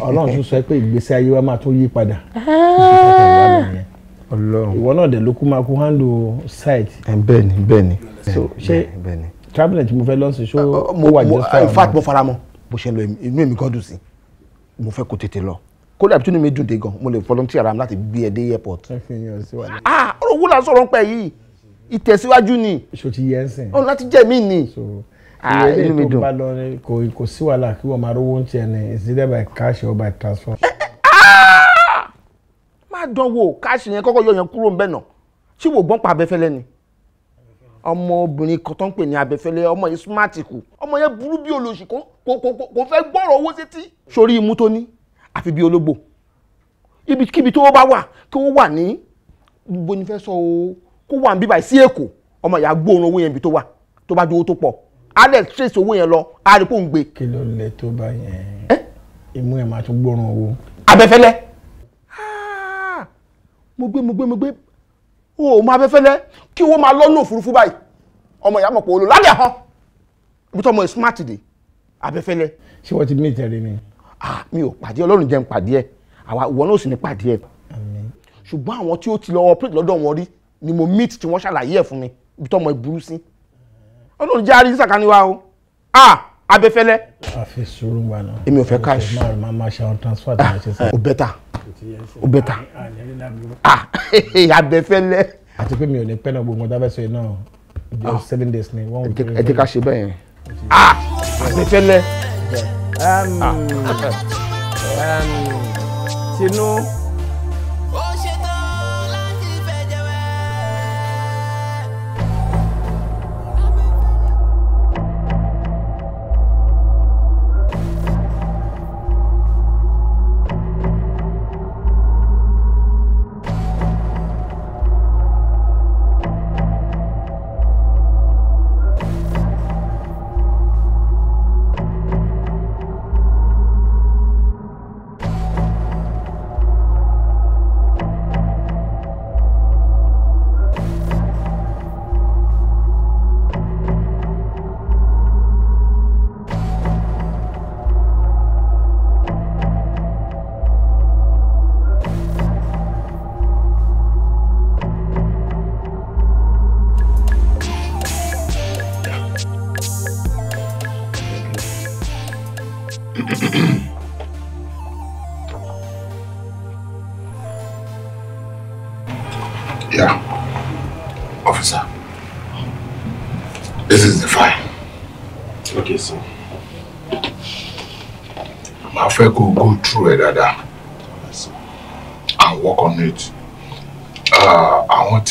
ọlọ́run tún sọ pé ìgbésí ayé wa máa tún yí padà ah! ìwọ náà dẹ̀ ló kú máa kú handle site. bẹ́ẹ̀ ni bẹ́ẹ̀ ni. so ṣé traveling tí mo fẹ́ lọ́sìn ṣó wà jẹ́ fún àwọn. in fact mo fara mọ́ bó ṣe lọ inú èmi kan dùn sí i mo fẹ́ kó tètè lọ kódà tí inú mi dùn dé gan mo lè volunteer ara mi láti gbé ẹ dé airport. ah ọ̀rọ̀ owó la sọ̀rọ̀ ń pẹ́ yìí ìtẹ̀síwájú ni. ṣo ti yẹ ẹ sìn. ọ̀nà láti jẹ́ mí ni. ah inú mi dùn. kò kò sí wàhálà kí wọ́n máa rówó ń tiẹ̀ ní is either by cash or by transfer. Eh, eh, ah! má dánwò káàṣì yẹn kọ́kọ́ yọ yẹn kúrò ńbẹ̀ náà ṣé wò gbọ́n pa abẹ́fẹ́lẹ́ ni ọmọ kan tó ń pè ní abẹ́fẹ́lẹ́ ọmọ yìí smart kù ọmọ yẹn burú bí olóṣì kò fẹ́ gbọ́rọ̀ owó sétí. sórí imú tó ní àfi bí ológbò ibikíbi tó bá wà kí ó wà ní gbogbo ní fẹ́ sọ o kó wà ń bíbà sí èkó ọmọ ìyá gbóòórùn owó yẹn bí tó wà tó bá ju owó tó pọ̀ alex trace owó yẹn lọ a rí kó ń gbé. kí ló lè tó bá yẹn imú ẹ̀ máa tún gbóòórùn owó. abẹ́fẹ́lẹ́ ah! mo gbé mo gbé mo gbé o ò mọ abẹ́fẹ́lẹ́ kí owó máa lọ́nà òfurufú báyìí ọmọ ìyá mọ̀ pé olùlànà hàn ibi tọmọ smart dé abẹ́fẹ́lẹ́. ṣé wọ́n ti mí ìtẹ̀rí ni. ah mi ò pàdé ọlọ́run jẹun pàdé ẹ àwa ìwọ náà sì ní pàdé ẹ. ṣùgbọ́n àwọn tí ó ti lọ operate lọ́dọ̀ wọn rí ni mo meet tí wọ́n ṣàlàyé ẹ̀ fún mi ibi tọmọ ẹ burú sí. ọlọ́run jẹ́ àrí wa o ah abẹ́fẹ́lẹ́. a fi sùúrù wa náà. èmi ò fẹ́ cash. máa máa ṣe àwọn transfer tí mo ṣe o bẹ́ta o bẹ́ta ah, ah *laughs* abẹ́fẹ́lẹ́. àti pé mi ò ní pẹ́ náà gbogbo ọ̀dà bẹ́sẹ̀ náà ah. seven days ni. ẹ jẹ́ ká ṣe bẹ́ẹ̀ yẹn. Ah, Um, Abẹ́fẹ́lẹ́. Ah! Tinú.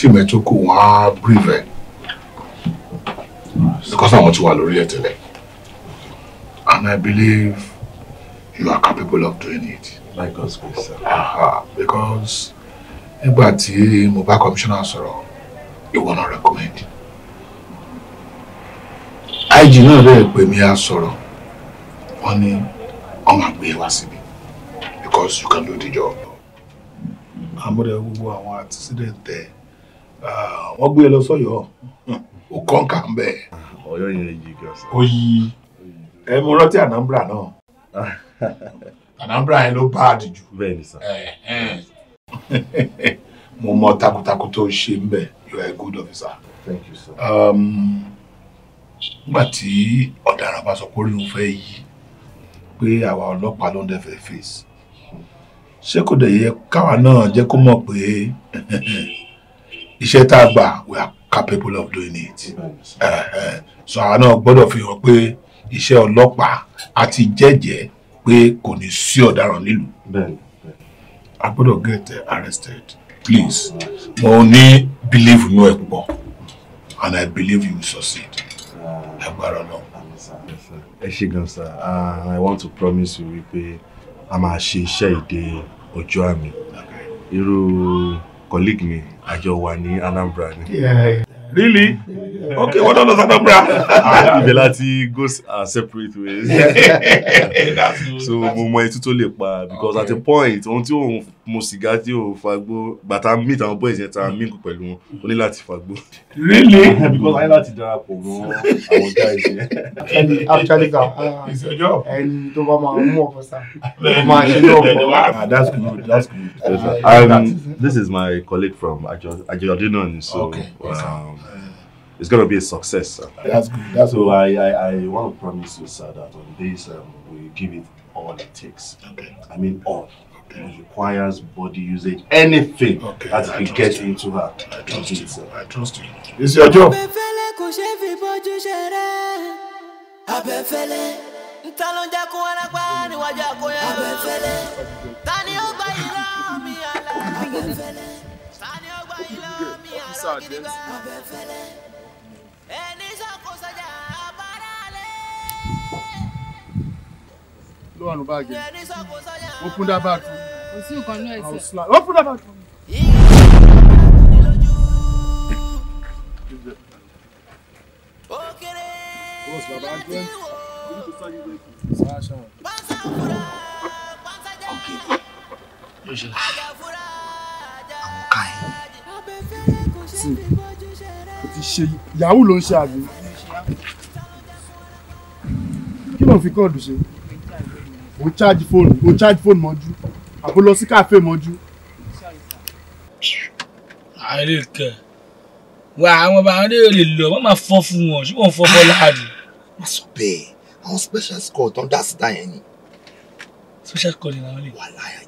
fíìmù ẹ tó kù wọn á brief ẹ because àwọn ti wà lórí ẹ tẹ́lẹ̀ and I believe you are capable of doing it. By God's grace, sir. Because nígbà tí mo bá commissioner sọ̀rọ̀ ìwọ náà recommend. IG náà lè pè mí á sọ̀rọ̀ wọ́n ní wọ́n máa gbé wá síbi because you can do the job. àmúrẹ̀ gbogbo àwọn àtisídẹ̀ntẹ̀ Ah, wọ́n gbé e lọ sọ́yọ́ hmm. ó kọ́ ń ah, ọ̀yọ́ yẹn yí oyi ẹ rántí Anambra náà *laughs* Anambra yẹn ló bá àdìjú. bẹ́ẹ̀ ni sà. mo mọ takuntakun tó ṣe ń bẹ you are a good officer. thank um, tí ọ̀daràn bá sọ pé orí pé àwa ọlọ́pàá ló ń ṣé kò dẹ̀ yẹ káwa náà jẹ́ kó mọ̀ pé *laughs* iṣẹ́ tá a gbà we are capable of doing it so àwọn náà gbọ́dọ̀ fi hàn pé iṣẹ́ ọlọ́pàá àti jẹ́jẹ́ pé kò ní sí ọ̀daràn nílùú a gbọ́dọ̀ get arrested please mo ní believe inú ẹ púpọ̀ and I believe you will succeed ah. agbára náà. ẹ ṣé gan sir and ah, I want to promise you wípé a máa ṣe iṣẹ́ ìdè ọjọ́ àmì irú. Okay colleague mi àjọ wà ní Anambra ni. really okay wọ́n dọ́nà Anambra. Ah. ibẹ̀ láti go our uh, separate ways. *laughs* so mo mọ etí tó lè pa because at a point ohun tí òun mu sìgá tí o fagbó gbàtà meet àwọn boys yẹn ta mingle pẹ̀lú wọn o ní láti fagbó. really *laughs* because ayé láti darapọ̀ mọ́ àwọn guys yẹn. actually ka ẹni tó bá máa mú ọkọ sá o máa ṣe ní ọkọ. Ah, that's good that's good. Ah, yes, um, this is my colleague from Ajodinoni so. Okay. Um, it's gonna be a success. Sir. That's good. That's so good. I, I, I want to promise you, sir, that on this um, we give it all it takes. Okay. I mean all and requires body usage, anything okay, that I can get you. into her. I trust you. Sir. I trust you. It's your job. Abẹ́fẹ́lẹ́ ló wà ní báàgì ó kún dá báàgì. kò sí nǹkan ní ẹsẹ̀. ó kún dá báàgì. Okay. Lóṣèlú, ló ń ṣe àbí. Kí ló ń fi kóòdù ṣe? o charge phone o charge phone mọ́jú àbò lọ sí cafe mọ́jú. àìlè ah, kẹ wà àwọn ọba àwọn eléyìí lè lọ wọn máa fọ fún wọn ṣùgbọ́n fọ fọ láàdì. Ah, má sọ bẹ́ẹ̀ àwọn special score tó ń dá síta yẹn ni. special score ni àwọn lè. wà láyà.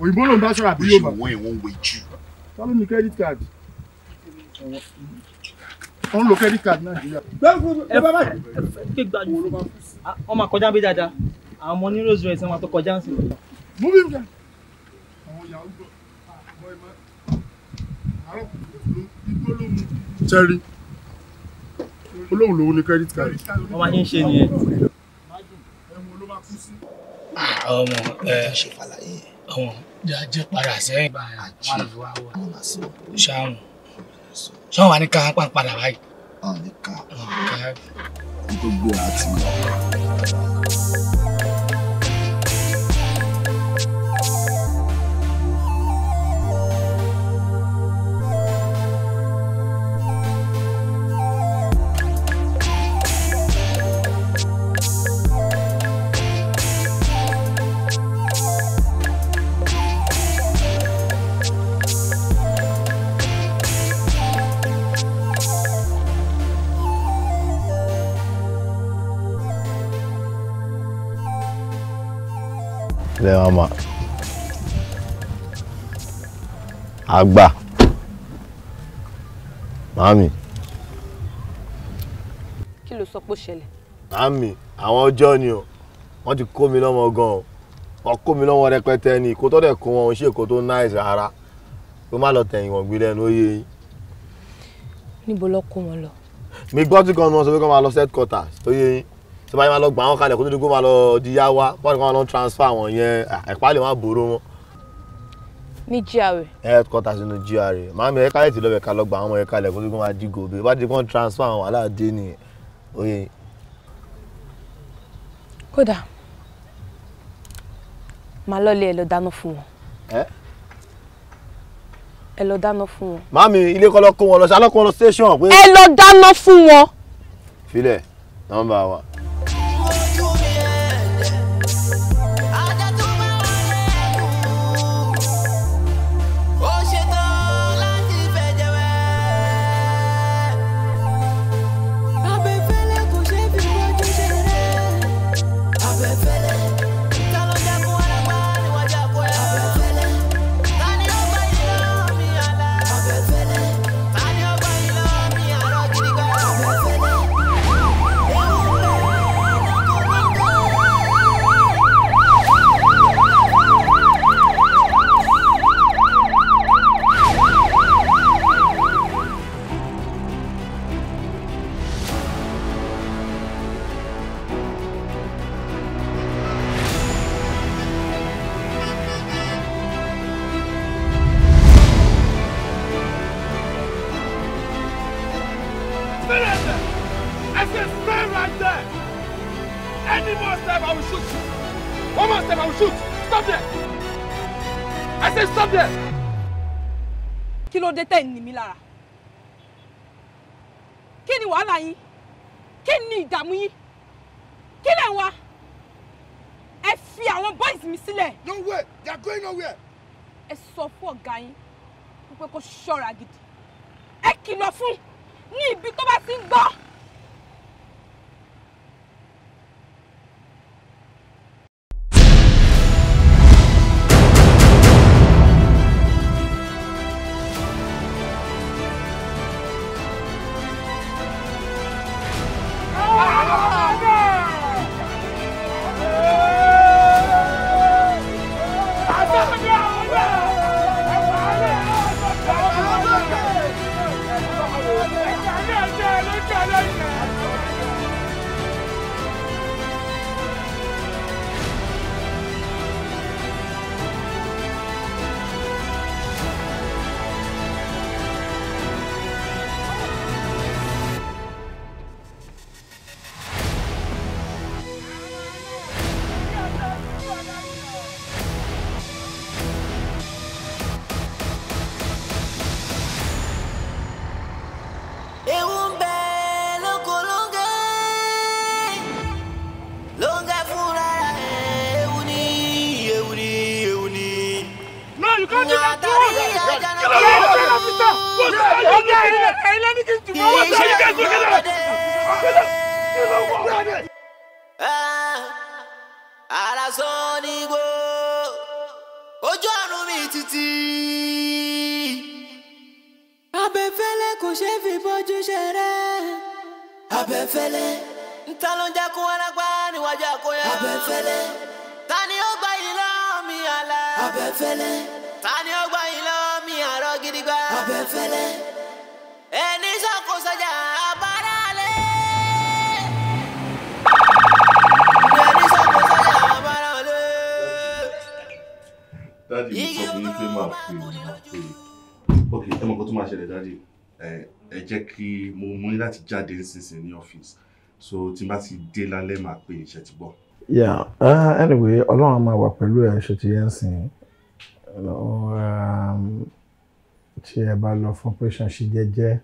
òyìnbó ló ń bá sọ̀rọ̀ àbí Yorùbá. òṣèwọ̀n ẹ̀wọ̀n wẹ̀ jù. sálọ ní credit card. wọ́n ń lo credit card Nàìjíríà. ẹ fẹ́ kí gbàdúrà wọ́n máa kọjá bí dáadáa àwọn ọmọ ní rose rose wọn tó kọjá ń sìn. mú mi bẹ àwọn yahoo bọ àwọn ẹmọ àárọ̀ igbó ló mu. tẹ́rí olóhùn lòun ni credit card. wọ́n máa ń ṣe nìyẹn. Ah, ọmọ ẹ ṣe fàlàyé ọmọ jẹ padà sẹ́yìn báyìí wọn àfi wá ní ká pa padà báyìí. ọ̀nìkan ọ̀nìkan gbogbo àti. lẹ́ wọ́n mọ̀ àgbà màámi. kí ló sọ pé ó ṣẹlẹ̀. màámi àwọn ọjọ́ ni o wọ́n ti kó mi lọ́mọ gan-an wọ́n kó mi lọ́wọ́ rẹpẹtẹ ni to tọ́dẹ̀ kó wọn ṣe èkó tó náìsì rárá kó má lọ tẹ̀yìn wọn gbé lẹ́nu oyè yín. níbo lọ kó wọn lọ. mi gbọ́ tí kan ni wọ́n sọ pé kí wọ́n máa lọ set quarters tó yé yín tó bá máa lọ gbà wọn kalẹ̀ kó tó dúró máa lọ di yá wá wọn ni wọn lọ transfer wọn yẹn ẹ̀pá lè má bòrò wọn. ní GRA. headquarters nínú GRA màámi ẹ̀ka lẹ́tì lọ́bẹ̀ lọ gbà wọn ẹ̀ka kó tó dúró máa di gòbè bá ti kọ́ transfer wọn wàhálà dé nìyẹn oyè. kódà màá lọ́lé ẹ̀ lọ dáná fún wọn. ẹ lọ dáná fún wọn. màámi ilé kọ́ lọ kó wọn lọ sí alọ́kùnrin station. ẹ lọ dáná fún wọn. filẹ̀ nọ́mbà wa. dé tẹ̀ ní mi lára kí ni wàhálà yín kí ni ìdààmú yín kí lẹ̀ ń ẹ fi àwọn boys mi sílẹ̀. no way they are going nowhere. ẹ sọ fún ọ̀gá yín wípé kó ṣọ́ra gidi ẹ kìlọ̀ fún ní ibi tó bá ti ń gbọ́. jáde nísinsìnyí ní ọ́fíìsì so tí n bá ti dé lálẹ́ máa pè iṣẹ́ ti bọ̀. yà uh, anyway ọlọ́run máa wà pẹ̀lú ẹ̀ ṣe ti yẹn sìn um, tí ẹ bá lọ fún operation ṣe jẹ́jẹ́.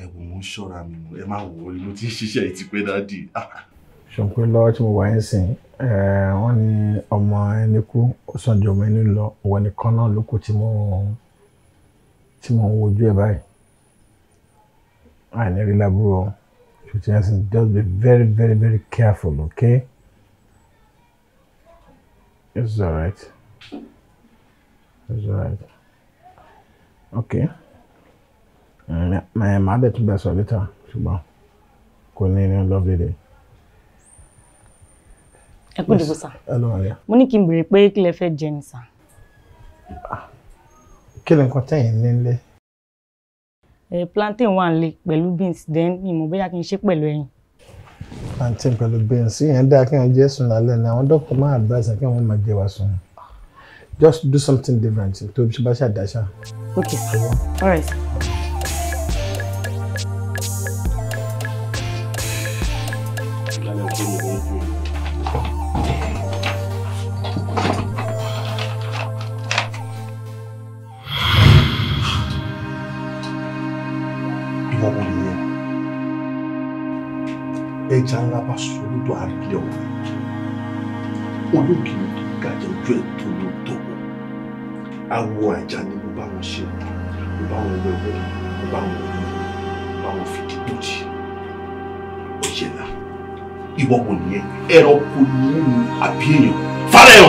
ẹ wò ó ṣọ́ra mi ẹ má wò ó mo ti ń ṣiṣẹ́ ìtìpẹ́ dáàdì. ṣùgbọ́n lọ́wọ́ tí mo wà yín sìn wọ́n ní ọmọ ẹni kú ó sàn ju ọmọ ẹni lọ òun nìkan náà ló kù tí mo ń wojú ẹ báyìí àìlérí lábúrò ṣùtìyàsìn just be very very very careful okay it's all right. it's all right. okay uh, My mother to bẹ sọ later ṣùgbọ́n kò lovely day ẹ kú dìbò sá mo ní kí n béèrè pé kí lẹ fẹ́ jẹ ah. ní Eh, plantain wà nílé pẹ̀lú beans then ìmọ̀ bóyá kí n ṣe pẹ̀lú ẹyin. plantain pẹ̀lú beans ìyẹn dáa kí wọ́n jẹ́ sùn lálẹ́ ni àwọn dókítà máa advise kí wọ́n máa jẹ wá sùn just do something different tó bí ṣe bá ṣàdáṣà. okay all right. olókìkí gàjà ojú ẹ̀ tó ló tòwó awo àjà ni mo bá wọn ṣe mo bá wọn wẹwọ mo bá wọn wọ mo bá wọn fìdí dòjì ó yẹ la ìwọ wo nìyẹn ẹranko ni ó mu àbí èèyàn fara ẹ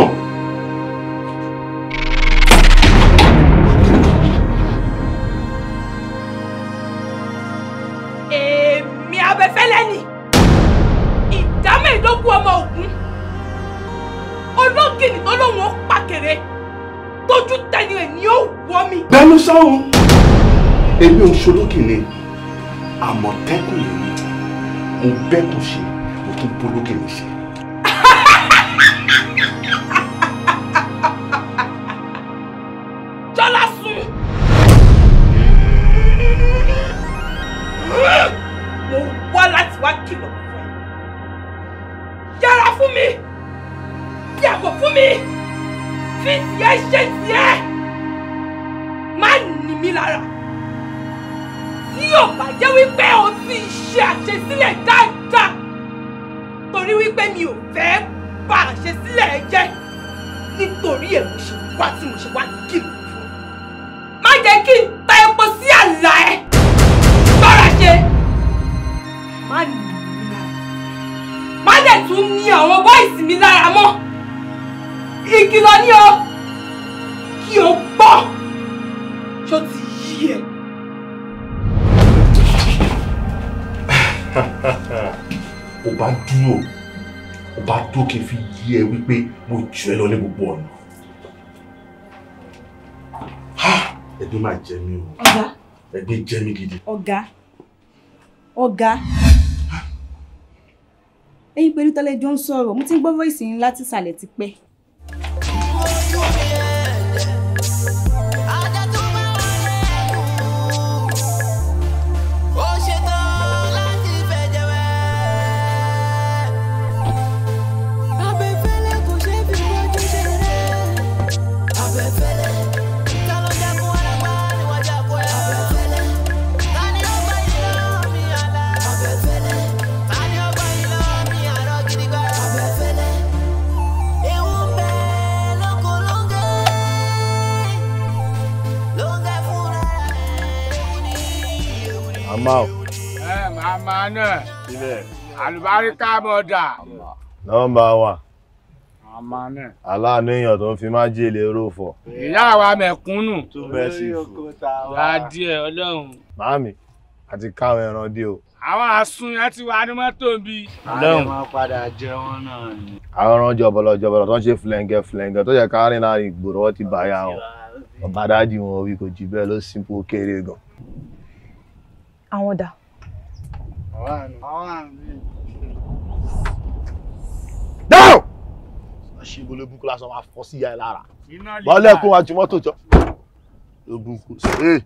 o bá dúró o bá tó kí n fi yí ẹ wípé mo jù ẹ lọ ní gbogbo Ha, ẹ̀gbin máa jẹ mí o ọ̀gá ẹ̀gbin jẹ mí gidi. ọ̀gá ọ̀gá ẹ̀yin pẹ̀lú tọ́lẹ̀ jọ ń sọ̀rọ̀ mo ti ń gbọ́ voice yín láti ìsàlẹ̀ tipẹ́. àlùbáríkà bọ̀dà. nọ́mbà wa aláàánú èèyàn tó ń fi májèlé rófọ̀. ìyá àwa mẹ̀kúnnù. tó bẹ́ẹ̀ sí fún. ìyáàdí ẹ̀ ọlọ́run. màámi àti káwọn ẹran dé o. àwọn àsun yẹn ti wà ní mọ́tò bí. ọlọ́run máa padà jẹ wọn náà ni. àwọn ẹran jọbọlọ jọbọlọ tó ń ṣe flẹ̀ǹgẹ̀ flẹ̀ǹgẹ̀ tó yẹ ká rìn láàrin ìgboro wọn ti bàyà wọn ọba dájú wọn wí kò jù bẹ́ẹ̀ ló sì kéré gan. àwọn dà. àwọn àmì. Down! Ṣé ibo ló bú kílásì ọmọ afọ sí ìyá ẹ lára? Bọ́lẹ̀ kún wájú mọ́tò jọ. Ló bú kú sí. Eh.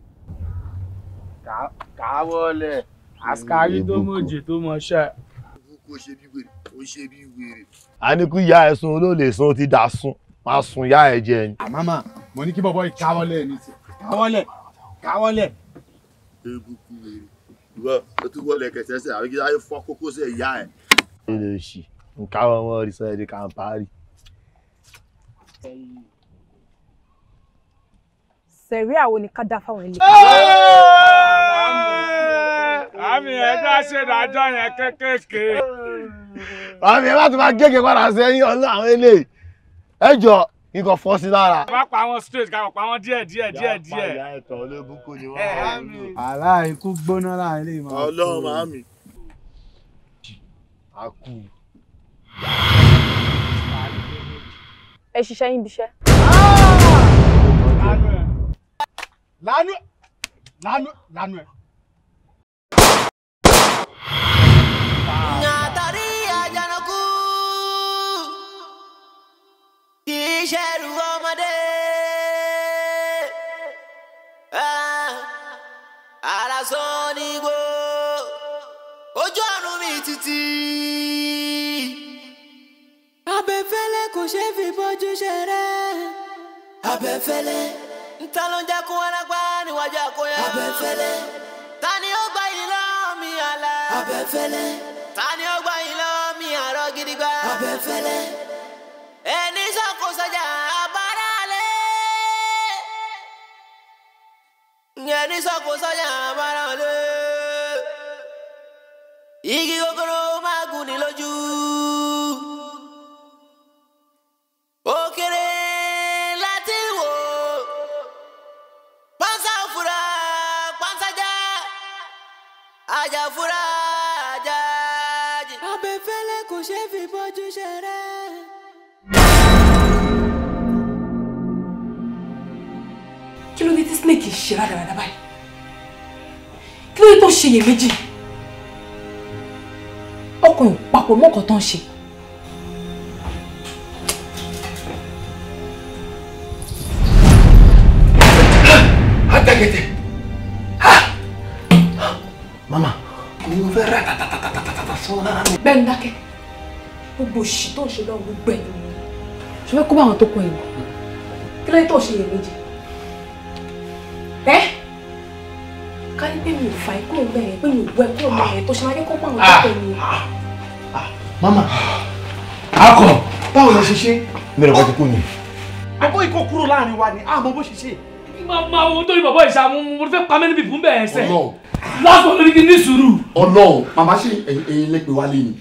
Káwọ́lẹ̀, àṣkárí tó mọ̀jẹ̀ tó mọ̀ ṣẹ́. Ó ṣe bí wèrè, ó ṣe bí wèrè. A ní kú ìyá ẹ sun olóòlè sun ti dà sun, máa sun ìyá ẹ jẹ ni. Àmàmà, mo ní kí bọ̀bọ̀ yìí káwọ́lẹ̀ ní ti. Káwọ́lẹ̀, káwọ́lẹ̀ ìwọ o tún wọlé kẹsẹsẹ àbí kí láyé fọ kókósẹ̀ ìyá ẹ. ẹ lè ṣì ń káwọn ọmọ rí sọ èdè kàǹpárì. sẹ̀rí àwọn ni ká dá fáwọn ilé. àmì ẹ̀ dá ṣe dájọ́ yẹn kékèké. àmì ẹ̀ bá tún máa gégé padà sẹ́yìn ọlọ́ àwọn eléyìí ẹ jọ nǹkan fọ́ sí lára. ká pa àwọn straight ká pa àwọn díẹ̀ díẹ̀ díẹ̀ díẹ̀. yàrá ìyá ẹ̀tọ́ olóògùn kò ní wọ́n. àlá ikú gbóná láàrin lè máa kú. ọlọ́run máa mi. a kú. ẹ ṣiṣẹ́ yín bíṣẹ́. Ah! lánàá lánàá lánàá. ń ṣẹ̀rù ọmọdé. ara sọ ní gbó ojú ọ̀run mi títí. abẹ́fẹ́lẹ́ kò ṣeé fi bójú ṣeré. abẹ́fẹ́lẹ́. ta ló ń jẹ́ kó wárápá níwájú àkóyá. abẹ́fẹ́lẹ́. ta ni ó gba ìlọ́ mi àlá. abẹ́fẹ́lẹ́. ta ni ó gba ìlọ́ mi àrọ́ gidigba. abẹ́fẹ́lẹ́. ìyẹn ní sọ́kò sọ́jà àbára ọ̀lẹ́ igi kòkòrò máa gùn ní lójú. ṣe rádaràdà báyìí kí ló yẹ tó ṣe iyèméjì ọkàn ò papọ̀ mọ́ nǹkan tó ń ṣe. àtẹ̀kẹ̀tẹ̀ mama mo ń fẹ́ rà tàtàtàtàtà sọ́wọ́n lára mi. bẹ́ẹ̀ ni dákẹ́ gbogbo òṣì tó ń ṣe lọ́wọ́ gbẹ̀yìn ṣùgbọ́n kó bá àwọn tó kọ ìwọ kí ló yẹ tó ṣe iyèméjì. fà ẹ́ kúrò bẹ́ẹ̀ pé mi ò wọ ẹ́ kúrò bẹ́ẹ̀ tó ṣe máa kẹ́kọ̀ọ́ pàwọn ah. tó pè mí. mama akọ báwo ló ṣe ṣe mẹrẹ bá ti kú ni. bàbá ìkó kúrò láàrin wa ni àmọ́ bó ṣe ṣe. máa wo tó ní bàbá ìṣà mo fẹ́ pa mí níbi fún bẹ́ẹ̀ ẹsẹ̀ lásán lórí kí n ní sùúrù. ọlọ́run màmá ṣe ẹyin lẹgbẹ wa lé ni.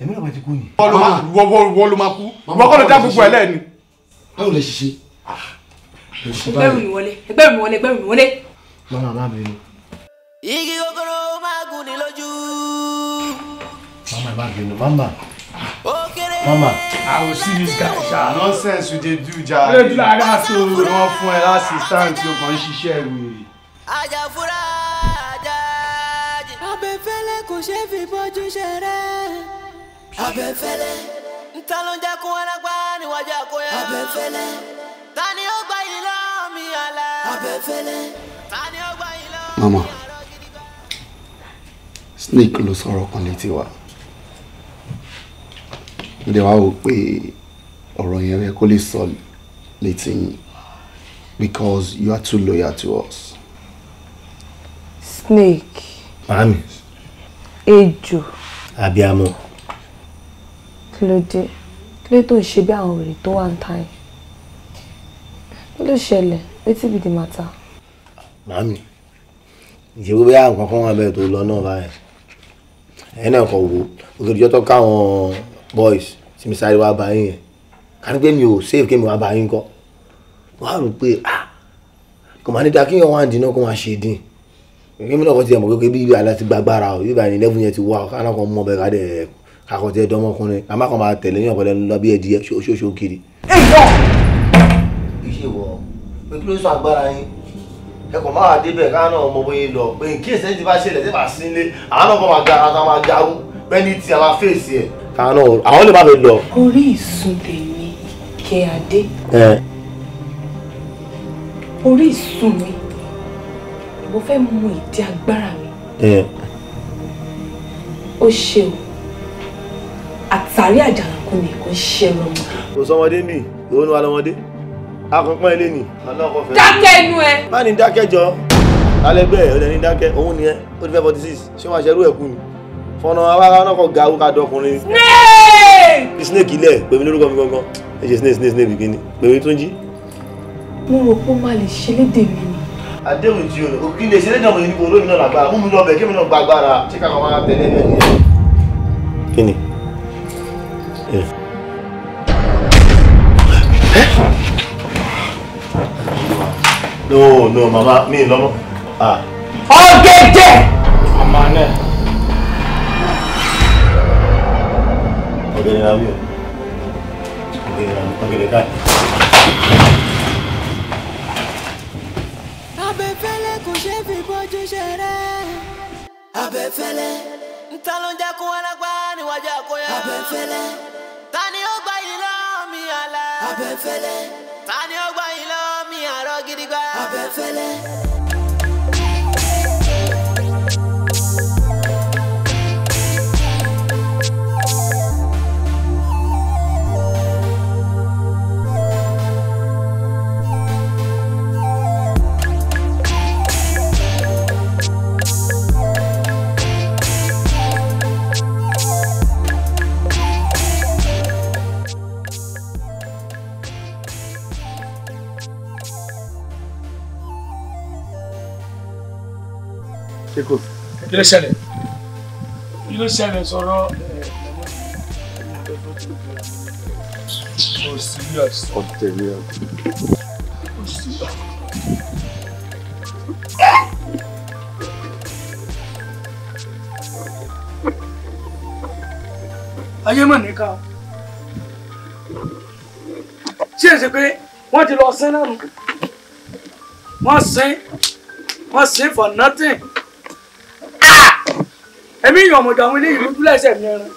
èmi náà bá ti kú ni. wọ́n ló máa kú wọ́n kọ́ ló dá gbogbo ẹ̀ lẹ́ni. báwo lè ṣe ṣe ah, ẹgbẹ́rún mi wọlé ẹgbẹ́rún mi wọlé ẹgbẹ́rún mi wọlé. lọ́nà náà bẹ̀rẹ̀ igi gogoro máa gùn lójú. mama ẹ má mama. Mama, I will see this guy. Ja. Nonsense you dey do, ja. Wọ́n lè dúró ara so. Wọ́n fún ẹ assistant tí o kàn ń ṣiṣẹ́ wèrè. Àjàfúrà àjàjì. Abẹ́fẹ́lẹ́ kò ṣe é fi bójú ṣeré. Abẹ́fẹ́lẹ́. Nta ló ń jẹ́ kó wọn lágbá níwájú àkóyá. Abẹ́fẹ́lẹ́. Ta ni ó gba ìlọ́ mi àlá? Abẹ́fẹ́lẹ́. Ta ni ó gba ìlọ́ mi àlá? Mama snake ló sọ̀rọ̀ kan létí wa ó dẹ̀ wá wò pé ọ̀rọ̀ yẹn rẹ kó lè sọ létí yín because you are too loyal to us. snake. maami. ejò. abiamọ. kí ló dé kí ló tó ń ṣe bí àwọn wèrè tó wà ń ta yìí kí ló ṣẹlẹ̀ wetin be the matter. maami ìṣègùn bí àwọn kankan wà bẹ́ẹ̀ tó lọ náà báyìí ẹ̀yìn náà kàn wò ògèdè jọ́tọ̀ káwọn boys tí mi sáré wá bá yín yẹn kàní mi ò save kí mi wá bá yín kọ́ wàá rò pé ah kò máa ní dá kí yàn wá dì náà kó máa ṣe dín èmi náà kọ́ ti ẹ̀ mọ̀ pé bí ibi àlá ti gbàgbára o bí ìbànú eleven yẹn ti wá o káná kan mọ̀ bẹ́ẹ̀ ká dẹ̀ kakọ̀ tẹ dọ́mọkùnrin àmọ́ kan máa tẹ̀lé yàn pẹ̀lú lọ bí ẹ di ẹ ṣoṣo kiri. ẹ yọ. pé kí ló sọ agbára yín ẹkọ máa débẹ̀ káwọn náà mọ bóyá lọ pé kí èsì ẹni bá ṣẹlẹ̀ tí màá sí ilé àwọn náà kọ́ máa ga àwọn máa jarú bẹ́ẹ̀ni tí a fèsì ẹ̀. káwọn náà àwọn lè má fi lọ. orí ìsúnlẹ̀ mi ìkẹ́ adé. orí ìsún mi mo fẹ́ mú ìdí agbára mi. ó ṣe àtàrí àjàǹkú ni kò ṣe ẹran mọ́. kò sọmọdé mi ìwọ ni akọ̀pọ̀ ilé ni. dákẹ́ inú ẹ. má ní dákẹ́ jọ alẹ́gbẹ́ ẹ̀ ọ̀dẹ̀ ní dákẹ́ òun ni ẹ ó ti fẹ́ forty six ṣé wọ́n aṣẹ́rú ẹ̀kú ni fọ́nà awára náà kọ́ ga awúkà dọkùnrin. snake. snake ilẹ̀ pèmí lórúkọ mi gangan ẹ ṣe snake snake snake bìkíní pèmí tó ń jí. mo rò pé ó máa lè ṣe lédè mi ni. àdéhùn tí o lò kí lè ṣe lédè ọmọ yìí níbo olómi náà lágbára mú mi lọ bẹ̀ kí mi náà gba agbára ṣé káwọn máa tẹ̀lé ẹ̀ ní. kí ni no no mama me no. Ah. mama náà. ọ̀gẹ̀dẹ̀ la mi o ọ̀gẹ̀dẹ̀ la mi ọ̀gẹ̀dẹ̀ ká. abẹ́fẹ́lẹ́ kò ṣe é fi bójú ṣeré. abẹ́fẹ́lẹ́. ta ló ń jẹ́ kó mi ala. Abefele, ta ni ó I've been feeling. kò sí. kí ló ṣẹlẹ̀ kí ló ṣẹlẹ̀ sọ̀rọ̀ ẹ̀ serious. o serious. o serious. ayé mọ̀ ní ká o ṣé ẹ ṣe pé wọ́n ti lọ sin náà nù wọ́n sin wọ́n sin for nothing ẹ̀mí ìyàn ọ̀mọ̀dọ̀ àwọn eléyìí lójú lẹ́sẹ̀ mi ẹran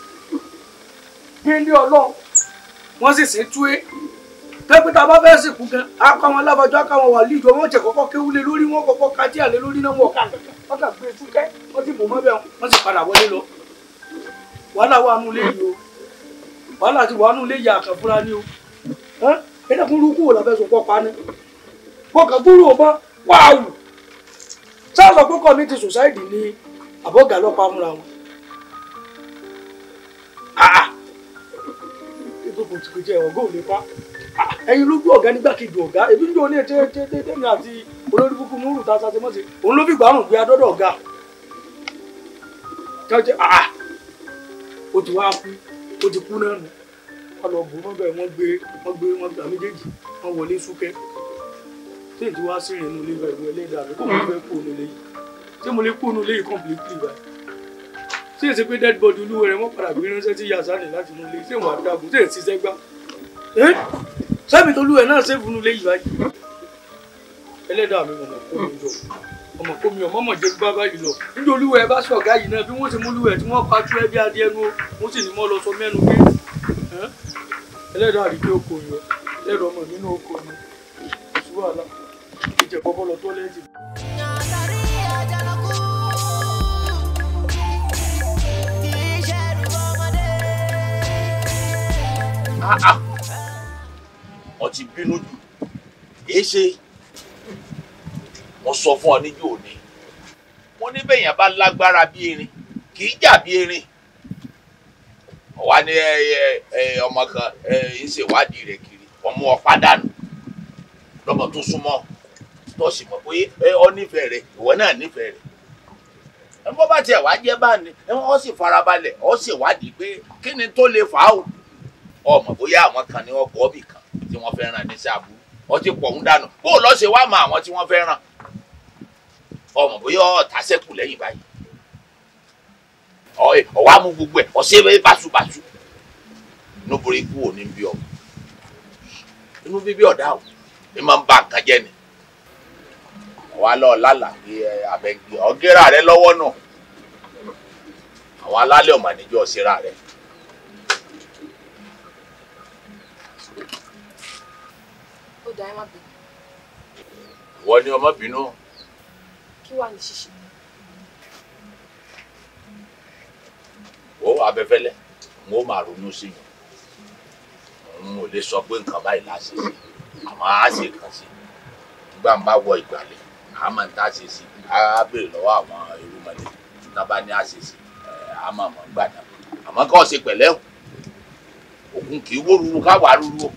bí ilé ọlọ́run wọ́n sì sí túwé tẹ́pẹ́ bá fẹ́ sìnkú gan akọ àwọn alábàjọ́ akọ àwọn wàlíì ìjọ wọn jẹ kọ́kọ́ kéwúlé lórí wọn kọ́kọ́ kájí àlé lórí náà wọn kà wọ́n kà gbé túkẹ́ wọ́n ti bò mọ́ bẹ́ẹ̀ wọ́n sì padà wọlé lọ wàhálà wà nù lé yìí o wàhálà ti wà nù lé yìí àkàn ni o ẹ dẹ́kun rúkú wò la fẹ́ sùn ni kọ́kàn gbúrò ọmọ wàá wù sáà sọ pé community society ni àbọ̀gà ló pa múra wọn. Ah, ah. ètò kò tìkò jẹ ọgá ò lè pa ah, ẹyin lójú ọgá nígbàkejì ọgá ebi ní olè tẹ tẹ tẹ tẹmí àti olórí kúkú múrù tá a sá ti mọ́ sí òun ló fi gbàrún gbé adọ́dọ̀ ọgá jọjọ o ti wá kú o ti kú náà nù ọlọ bò wọn bẹ wọn gbé wọn gbé wọn gbà méjèèjì wọn wọlé súkẹ tí èdè wá sí ìrìnnú ilé bẹ̀rù ẹlẹ́dàá rẹ kó wọn fẹ́ kó o lè yìí ṣé mo lè kúrò nílé yìí completely báyìí ṣé èsì pé dead body olúwo rẹ mọ́ padà gbé ránṣẹ́ sí yasani láti mú ilé ṣé wọn àdàgùn ṣé èsì sẹ́gbà sẹ́mi tó lú ẹ̀ náà ṣé funu ilé yìí báyìí ẹlẹ́dàá mi mọ̀nà kó mi jọ ọmọ kó mi ọmọ mọ̀ jẹ́ bá báyìí lọ níbi olúwo ẹ bá ṣọ̀gá yìí náà bí wọ́n ti mú olúwo ẹ tí wọ́n pa tú ẹ bí adìẹ nu wọ́n sì ní mọ́ lọ sọ mẹ́nu géètì ẹlẹ́dàá rí pé oko yọ ẹlẹ́dàá ọmọ mi náà oko ni ìṣúwàlà ìjẹ̀kọ́kọ́ lọ tó wọ́n ti bínú jù èé ṣe wọ́n sọ fún ọ níjó òní wọ́n ní bẹ́yàn bá lágbára bí irin, kì í jà bí erin ní ọmọ kan ń ṣèwádìí rẹ kiri wọ́n mú ọ lọmọ tó súnmọ́ tó sì ọ nífẹ̀ẹ́ rẹ̀ ìwọ náà nífẹ̀ẹ́ rẹ̀ bó bá tiẹ̀ wá jẹ́ ni wọ́n sì farabalẹ̀ ọ sì wádìí pé kí ni tó ọmọ bóyá àwọn kan ní kan tí wọn fẹ́ ní níṣẹ́ àbúrú ti pọ̀ ń dànù ṣe wá mọ àwọn tí wọ́n ọmọ bóyá ọ̀tá ṣẹ́kù lẹ́yìn báyìí ọ̀wá mú gbogbo ẹ̀ ọ̀ṣẹ́ bẹ́ẹ̀ báṣubàṣu ò ní bí ọ inú bíbí máa ń nǹkan jẹ́ ni àwa lọ lálà bí abẹ́gbẹ́ ọ̀gẹ́rà rẹ lọ́wọ́ náà alálẹ̀ rẹ. Wa ni ọmọ bínú. kí wàá ní ṣíṣe. ó abẹ́fẹ́lẹ́ mo máa ronú sí i n ò lè sọ pé nǹkan báyìí la ṣe sí àmọ́ a wọ ìgbàlẹ̀ a máa ń tá ṣe sí a béèrè lọ́wọ́ àwọn bá ní a ọ ṣe pẹ̀lẹ́ òkun kì í ruru ká wàá ruru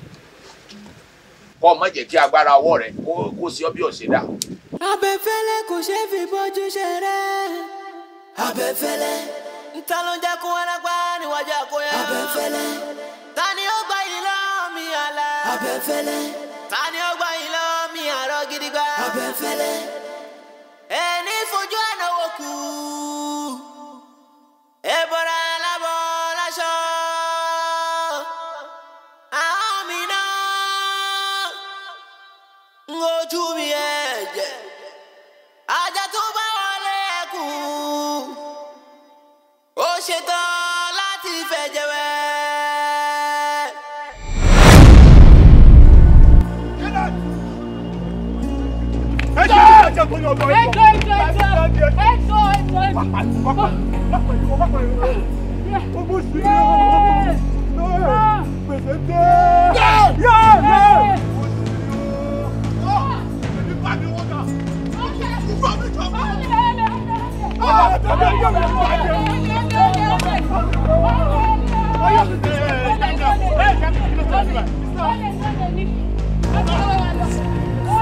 kọ́ ọ má jẹ́ kí agbára ọwọ́ rẹ kó sí ọ bí ọ̀sẹ̀ dà. abẹ́fẹ́lẹ́ kò ṣeé fi bójú ṣeré. abẹ́fẹ́lẹ́. ta ló ń jẹ́ kó wárápá níwájú àkóyá. abẹ́fẹ́lẹ́. ta ni ó gba ìlọ mi àlá. abẹ́fẹ́lẹ́. ta ni ó gba ìlọ mi àrọ gidigba. abẹ́fẹ́lẹ́. ẹni fojú àná wò kú. ẹ bọ́ra kó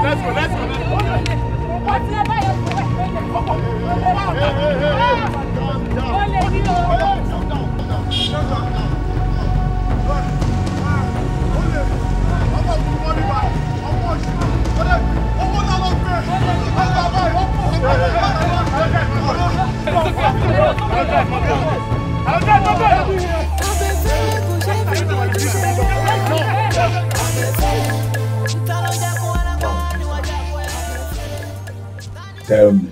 Let's go, let's go, let's go. Tá tell me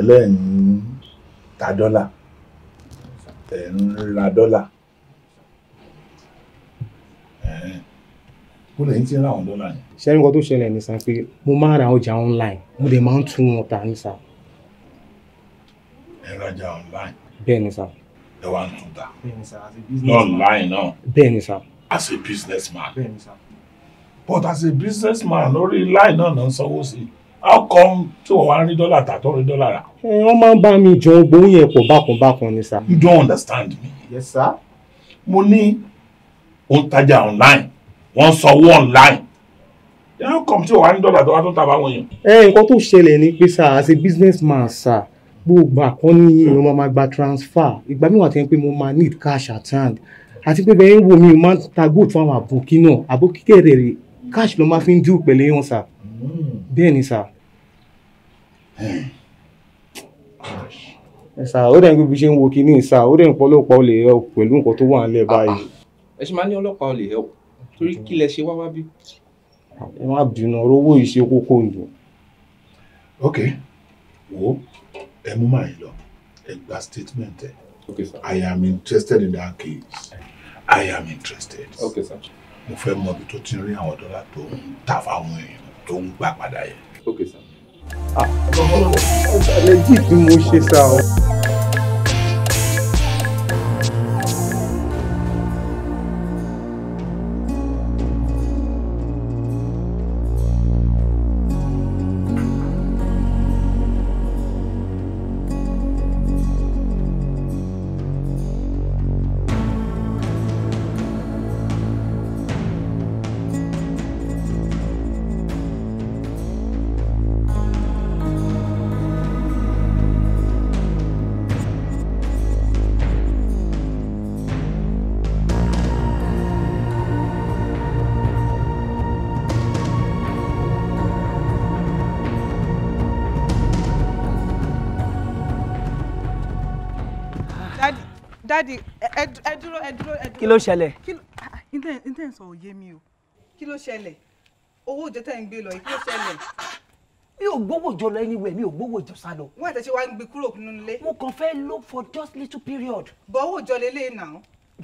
ẹlẹ́yìn ta dọ́là ẹ̀ ń ra dọ́là kó lè ń ti ra àwọn dọ́là yẹn. ṣé nǹkan tó ṣẹlẹ̀ ní sàn pé mo máa ra ọjà online mo dẹ̀ máa ń tún wọn ta ní sàn. ẹ rajà online. bẹ́ẹ̀ ni sàn. ẹ wá ń tún ta. bẹ́ẹ̀ as a business man. online náà. bẹ́ẹ̀ ni sàn. as a business man. bẹ́ẹ̀ ni sàn. but as a business man lórí line náà náà sanwó sí i ọkọ tí wọn wá rí dọ́là tà tó rí dọ́là rà. wọ́n máa ń bá mi jọ gbowó yẹn pọ̀ bákanbákan ni sá. you don't understand me. yes sir. mo ní òun tajà online wọ́n sanwó online yàrá kọ̀m tí wọn wá rí dọ́là tó wá tó tàbá wọn yẹn. ẹ nǹkan tó ṣẹlẹ̀ ni pé sá as a business man sá gbogbo àkọ́ ní èèyàn máa máa gba transfer ìgbà mi wà tẹ́ pé mo máa need cash at hand àti pé bẹ́ẹ̀ ń wo mi ò máa ń ta gold fún àwọn àbòkí náà àbòkí kẹ̀rẹ̀ cash ló máa fi ń dùn pẹ̀lú wọn sá. Hmm bẹ́ẹ̀ ni sà. ẹ sà ó dẹ̀ ń gbé ṣe ń wo kinní sà ó dẹ̀ ń pọ́ lọ́pàá ò lè help pẹ̀lú nǹkan tó wà nílẹ̀ báyìí. ẹ ṣe máa ní ọlọ́pàá ò lè help torí kí lẹ ṣe wá wá bí. ẹ má bínú owó yìí ṣe kókó nù. ok wo ẹ mú màá yìí lọ ẹ gba statement ẹ i am interested in that case i am interested. okay, sir. mo fẹ́ mọ ibi tó ti ń rí àwọn dọ́là tó ń tà fáwọn èèyàn tó ń gbà padà yẹn. ok sir. ah ọ̀rọ̀ ẹ̀jì tí mo ṣe sá o. kí ló ṣẹlẹ̀. Ah, ah, ǹtẹ́ ń sọ òye mi o kí ló ṣẹlẹ̀ owó òjò tẹ̀ ń gbé lọ yìí kí ló ṣẹlẹ̀. mi ò gbówó jọ lọ anywhere mi ò gbówó jọ sá lọ. wọ́n àtẹ̀sẹ̀ wa ń gbé kúrò nínú ilé. mo kàn fẹ́ look for just little period. bọ̀ owó òjọ lélẹ̀ náà.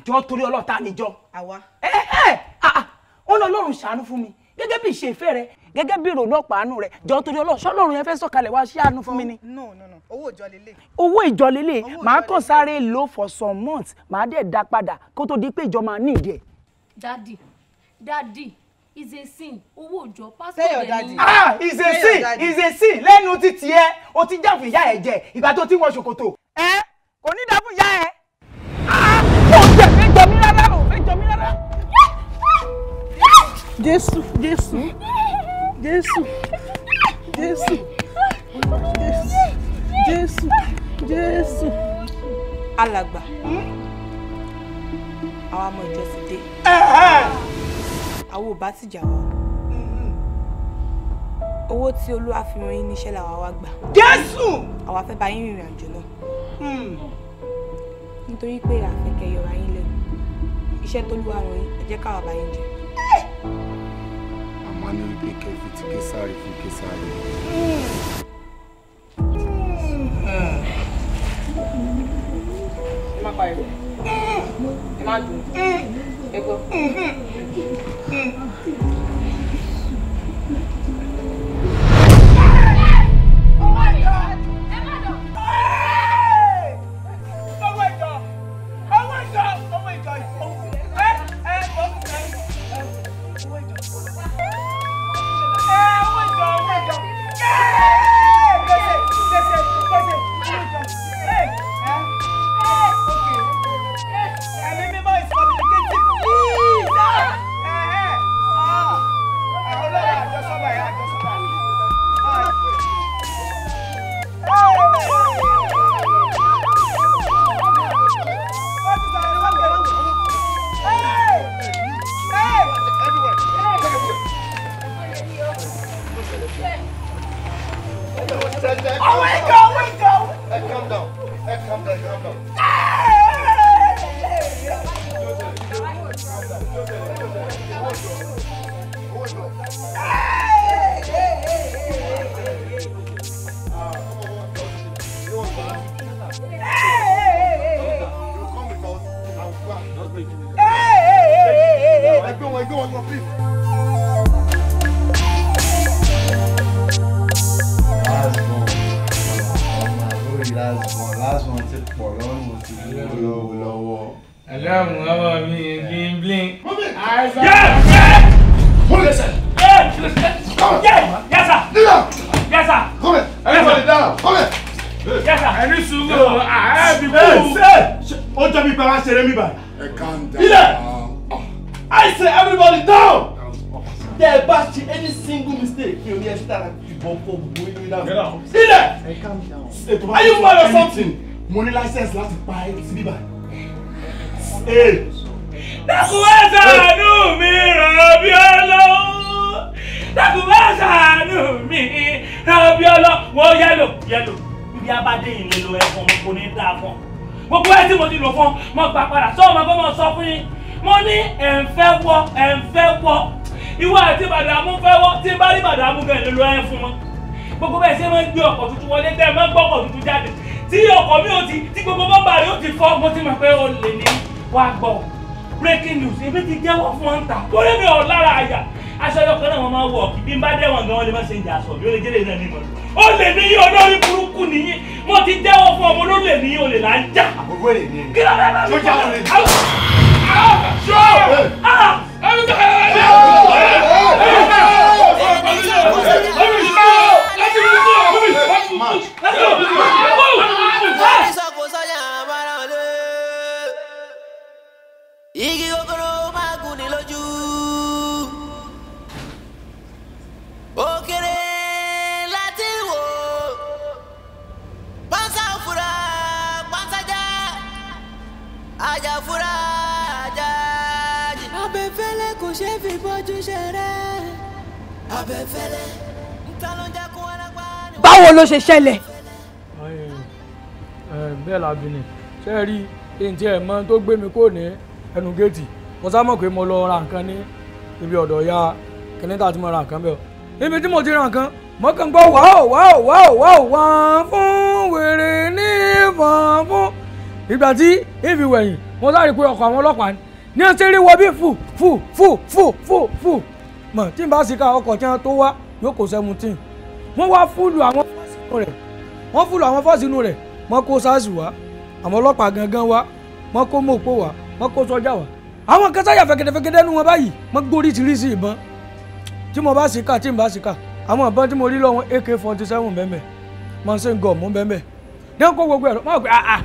jọ torí ọlọ́ta níjọ. àwa. ẹ eh, ẹ eh, ah, ọlọ́run ṣàánú fún mi gẹ́gẹ́ bí ìṣe ìfẹ́ rẹ gẹ́gẹ́ bí ìrònú ọ̀pàánú rẹ jọ torí ọlọ́ọ̀ṣọ́ lọ́run yẹn fẹ́ sọ̀kalẹ̀ wá sí àánú fún mi ni. no no no owó ìjọ lélẹ̀. owó ìjọ lélẹ̀ màá kàn sáré lò for some months màá dẹ̀ dá padà kó tó di pé ìjọ máa ní ìdí ẹ̀. dadi dadi is a sin owó òjò pásítọ̀ dẹ̀ ni. ah is a sin is a sin lẹ́nu títì ẹ o ti já fún ìyá ẹ jẹ ìgbà tó ti wọ ṣòkòtò. ẹ kò ní dá ìyá ẹ Jesus, Jesus, Jesus, Jesus, Jesus, Jesus. Alagba. àwọn ọmọ ìjọ ti dé àwọn ò bá ti jà wọ́n owó tí olúwa fi ràn yín níṣẹ́ làwa wá gbà. jésù. àwa fẹ́ bá yín rìnrìn àjò náà. Hmm. nítorí pé àfẹ́kẹ́ yọra yín lẹ́nu iṣẹ́ tólúwa ràn yín ẹ jẹ́ káwa bá yín jẹ wọ́n ní wípé kẹfì ti késàrì fún késàrì. ẹ má pariwo ẹ má dùn ẹ gbọ́. gbọ́ breaking news ebi ti jẹ́wọ́ fún wọn ta orí mi ò lára àyà aṣọ ọyọkọ náà wọn máa wọ kí bí n bá dẹ́wọ̀n gan wọn lè má ṣe ń jà aṣọ mi ó lè jẹ́lẹ̀ náà ní ìmọ̀ ó lè ní yí olórí burúkú nìyí mo ti jẹ́wọ́ fún ọmọ ló lè ní olè là ń jà. àbúrò lè ní. kí ló dé bá mi. sójà olè. igi gogoro máa gùn lójú ó kéré láti wò pọ́nsá òfurá pọ́nsájá àjàfurá àjàjì. abẹ́fẹ́lẹ́ kò ṣeé fi bójú ṣeré abẹ́fẹ́lẹ́ báwo ló ṣe ṣẹlẹ̀. bẹ́ẹ̀ la bìnrin ṣe rí ntí ẹ̀ mọ́ tó gbé mi kò ní ẹnu géètì mo sá mọ̀ pé mo lọ ra nǹkan ní ibi ọ̀dọ̀ ya kẹ́nẹ́tà tí mo ra nǹkan bẹ́ẹ̀ o ibi tí mo ti ra nǹkan mo kàn gbọ́ wàá wàá wàá wàá wàá fún wèrè ní ìfọ̀n fún ìgbà tí ìfi wẹ̀yìn mo sáré pé ọkọ̀ àwọn ọlọ́pàá ni ó ṣe rí wọ bí fù fù fù fù fù fù mọ̀ tí n bá sì ka ọkọ̀ tí wọ́n tó wá yóò kó seventeen wọ́n wá fúlù àwọn fọ́ọ̀sì inú rẹ̀ wọ́n fúlù àwọn fọ́ọ̀sì inú rẹ̀ wọ́n kó sars wá àwọn ọlọ́pàá gangan wá wọ́n kó mọ̀pọ̀ wá wọ́n kó sọ́jà wá àwọn kan sáyà fẹ̀kẹ̀dẹ̀fẹ̀kẹ̀dẹ̀ nu wọn báyìí wọ́n gbórí tìrísì ìbọn tí mo bá sì kà tí mo bá sì kà àwọn ìbọn tí mo rí lọ́wọ́ ak forty seven bẹ́ẹ̀ mọ̀nsẹ̀ gọ̀ mú bẹ́ẹ̀ ní kó gbogbo ẹ̀rọ máa gbé àà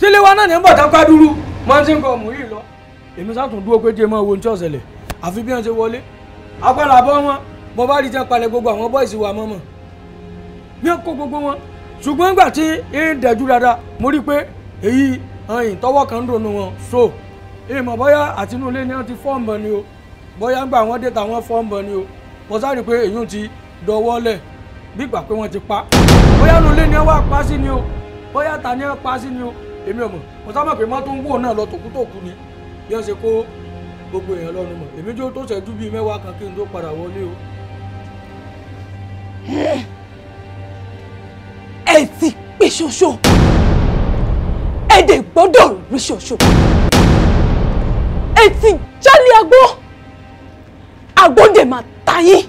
sílé wa náà ní bọ̀ tá pàdúrú mọ̀nsẹ̀ gọ̀ mú yìí lọ èmi sátún dúró pé jẹ́ mọ́ owó ní ọ̀sẹ̀lẹ̀ àfi bí wọ́n ṣe wọlé agbára bọ́ wọn bó bá rí jẹ́ palẹ̀ gbogbo àwọn bọ́ìsì wa mọ́mọ́ ní kó gbogbo wọn ṣùgbọ́n ẹyìn tọwọ́ kan ń dònú wọn so ìmọ̀ bóyá àtinúlé ni wọ́n ti fọ́ọ̀mù ni o bóyá ń gbà wọ́n dé tàwọn fọ́ọ̀mù ni o mo sáré pé èyí ti dọwọ́ lẹ̀ bí ìgbà pé wọ́n ti pa bóyá nulé ni wọ́n wá pa sí ni o bóyá ta ni wọ́n pa sí ni o èmi ò mo sá pé mọ́tò ń wò náà lọ tòkútòkú ni bí wọ́n ṣe kó gbogbo èèyàn lọ́nu mọ̀ èmi jó tó ṣẹ́jú bíi mẹ́wàá kan kí n tó padà wọlé o. ẹ ti pé ẹ̀dẹ̀ gbọ́dọ̀ rí ṣoṣo ẹ̀tì jálè agbó agbóde máa ta yín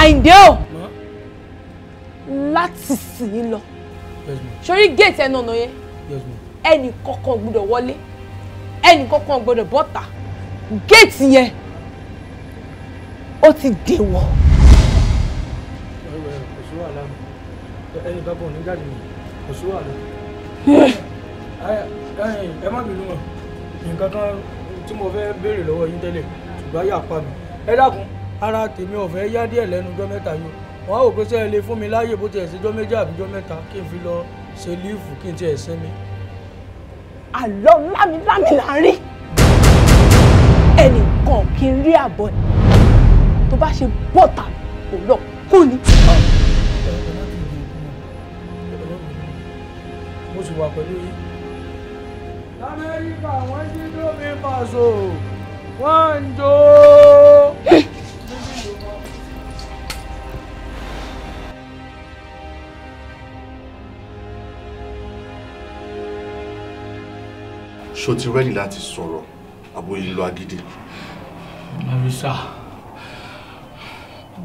àyíǹde o láti sìn yín lọ sórí géètì ẹnu ọ̀nà yẹn ẹnì kọ̀ọ̀kan gbọ́dọ̀ wọlé ẹnì kọ̀ọ̀kan gbọ́dọ̀ bọ́ta géètì yẹn ó ti dèwọ̀. kò sí wàhálà ẹni bá bọ̀ ní jáde kò sí wàhálà ẹ má bínú mọ̀ nǹkan kan tí mo fẹ́ béèrè lọ́wọ́ yín tẹ́lẹ̀ ṣùgbọ́n yà pa mi ẹ dákun ara tèmi ọ̀fẹ́ yá díẹ̀ lẹ́nu jọ́ mẹ́ta yìí wọ́n á wò pé sẹ́ẹ̀ lè fún mi láàyè bó tiẹ̀ sí jọ́ méjì àbí jọ́ mẹ́ta kí n fi lọ ṣe líìfù kí n tiẹ̀ sinmi. àlọ́ lámilámi là ń rí ẹnìkan kì í rí àbọ̀ ẹ̀ tó bá ṣe bọ́tà òun lọ kú ni. mo sì wà pẹ̀lú yín. lamẹ́ríkà wọ́n jí lómi pàṣọ wọ́n jó. ṣo ti rẹ́ni láti sọ̀rọ̀ àbòyí lọ agídí. marisa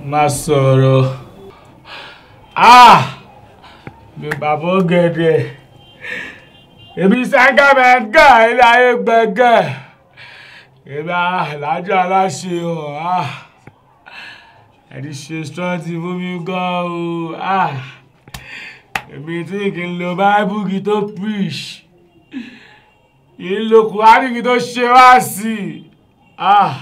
má sọ̀rọ̀ ah mi bàbá gẹ̀dẹ̀ èmi sẹ́ńgá mẹ́ńgá iláyé gbẹ̀gẹ́ èmi alájọ aláṣẹ ọ̀ ah. ẹni ṣe strọ́ọ̀tì fún mi gan o ah. èmi tí kì í lo báíbù kí tó preach kì í lo kùránì kí tó ṣe wá sí i ah.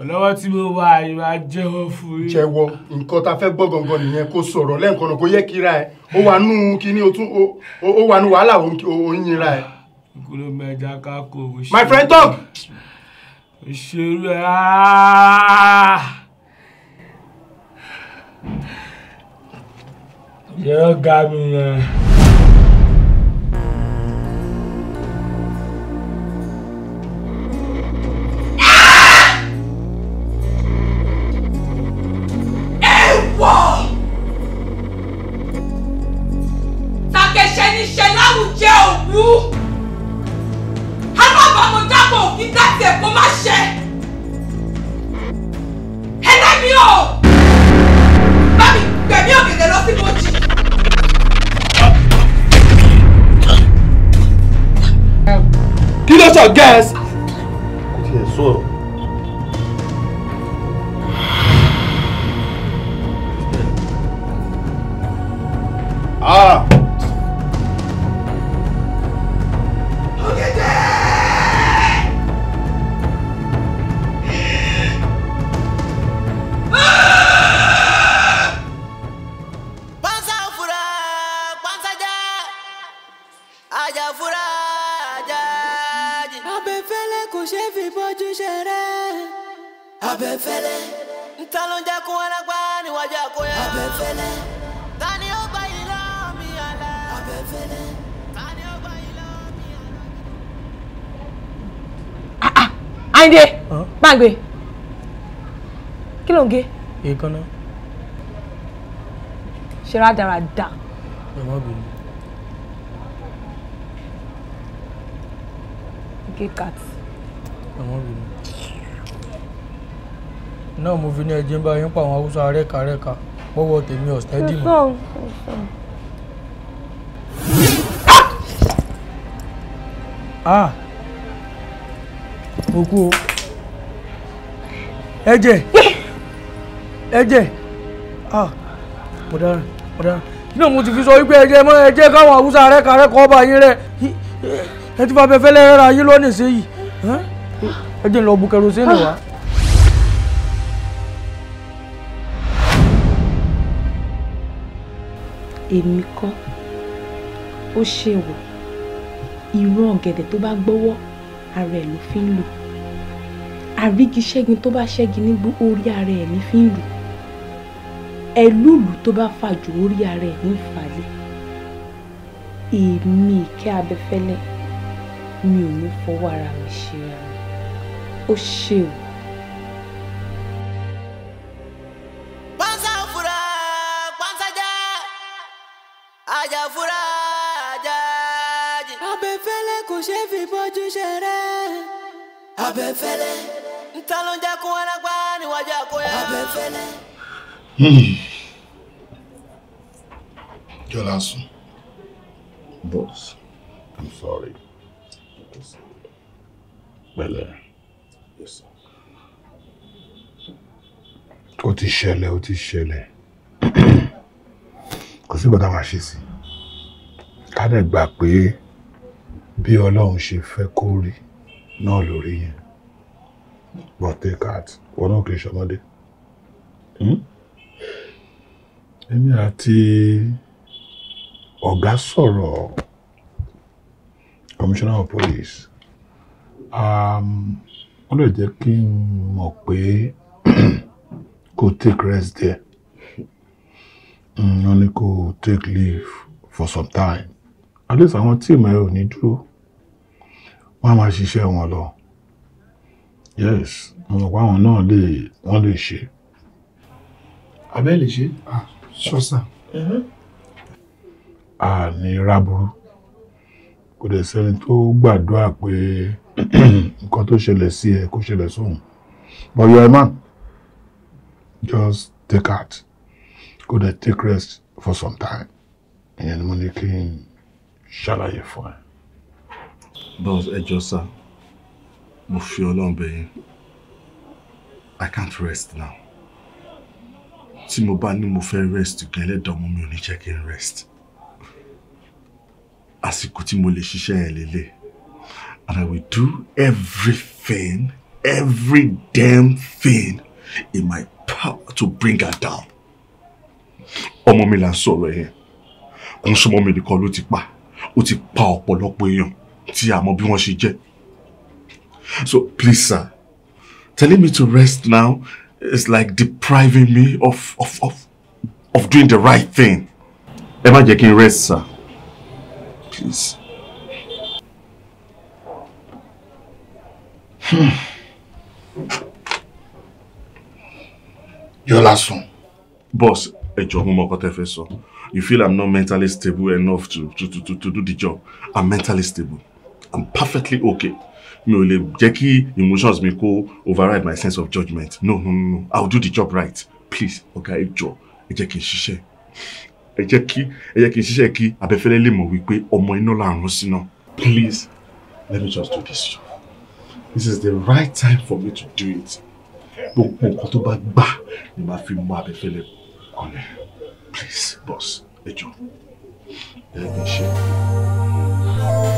ọlọ́wọ́ tí mo wà yìí máa jẹ́wọ́ fún yín. jẹ́wọ́ nǹkan tá a fẹ́ gbọ́ gangan nìyẹn kó sọ̀rọ̀ lẹ́ǹkan kó yẹ kíra ẹ̀ ó wà nù kíní o tún ó wà nù wàhálà òun ẹ. nkúlò mẹja ká o ṣe. my friend talk. òṣèré yẹ́n ga mi yẹn. gbàgbé kí ló ń gé. èékánná. ṣe rádaràda. bàbá bìnú. gé cat. bàbá bìnú. náà mo fi ní ẹjẹ ń bá yín pa àwọn haúsá rẹ́kàrẹ́kà wọ́wọ́ tèmi ọ̀sẹ̀ dì ah mo ẹ̀jẹ̀ ẹ̀jẹ̀ ah mo dára mo dára kí náà mo ti fi sọ wípé ẹ̀jẹ̀ mọ́ ẹ̀jẹ̀ káwọn haúsá rẹ̀ kàrẹ́ kọ́ ọba yín rẹ̀ ẹ ti fa abẹ́fẹ́lẹ́ rẹ̀ ayé lọ́nà ṣe yìí ẹ̀jẹ̀ lọ bu kẹrosínì wá. èmi kọ́ ó ṣe wò irú ọ̀gẹ̀dẹ̀ tó bá gbọ́wọ́ ara ẹ̀ ló fi ń lò àrígiṣẹ́gun tó bá ṣẹ́gun nígbó orí ara ẹ̀ ní fi ń lù ẹlúùlù tó bá fàjò orí ara ẹ̀ ní ìfàlẹ̀ èmi ìkẹ́ abẹ́fẹ́lẹ́ mi ò ní fọwọ́ ara mi ṣe ara mi ó ṣe o. Hmm. Jolasun. Boss, I'm sorry. Pẹ̀lẹ́. Yes, sir. Ó ti ṣẹlẹ̀, ó ti ṣẹlẹ̀. Kò sí gbọ́dá máa ṣe sí. Ká dẹ̀ gbà pé bí Ọlọ́run ṣe fẹ́ kó rí náà lórí yẹn. But take heart, wọn náà kì í ṣọmọdé. Hmm? èmi àti ọ̀gá sọ̀rọ̀ commissioner of police wọ́n um, lè jẹ́ kí n mọ̀ pé *clears throat* kò take rest there wọ́n hmm, ní kò take leave for some time at least àwọn tíìmù ẹ ò ní dúró wọ́n á máa ṣiṣẹ́ wọn lọ yes mo mọ̀ pé àwọn náà lè wọ́n lè ṣe abẹ́ lè ṣe. ṣọ́sà. a ní ráburú kò dẹ̀ sẹ́ni tó gbàdúrà pé nǹkan tó ṣẹlẹ̀ sí ẹ kó ṣẹlẹ̀ sóhun but you a man just take heart kò dẹ̀ take rest for some time ìyẹn ni mo ní kí n ṣàlàyé fún ẹ. boss ẹ sá mo fi Ọlọ́run bẹ̀ yín i can't rest now tí mo bá ní mo fẹ́ rest gan ẹlẹ́dàá ọmọ mi ò ní jẹ́ kí n rest àsìkò tí mo lè ṣiṣẹ́ ẹ̀ lélẹ̀ and I will do everything every damn thing in my power to bring her down ọmọ mi là ń sọ̀rọ̀ yẹn kò ń sọmọ mi nìkan ló ti pa ó ti pa ọ̀pọ̀lọpọ̀ èèyàn tí a bí wọ́n ṣe jẹ́ so please sir telling me to rest now it's like depriving me of of of of doing the right thing. Ẹ má jẹ́ rest sir. Please. Hmm. last one, Boss, ẹ jọ̀ọ́ mo mọ nǹkan tẹ́ fẹ́ You feel I'm not mentally stable enough to to to to, to do the job. I'm mentally stable. I'm perfectly okay mi ò lè jẹ́ kí emotions mi kó override my sense of judgement no no no i will do the job right please ọ̀gá ẹ jọ ẹ jẹ́ kí n ṣiṣẹ́ ẹ jẹ́ kí ẹ jẹ́ kí n ṣiṣẹ́ kí abẹ́fẹ́lẹ́ lè mọ̀ wípé ọmọ iná làrún síná please let me just do this job this is the right time for me to do it gbogbo nǹkan tó bá gbà ni màá fi mú abẹ́fẹ́lẹ́ kọ́lẹ̀ please boss ẹ jọ ẹ jẹ́ kí n ṣe.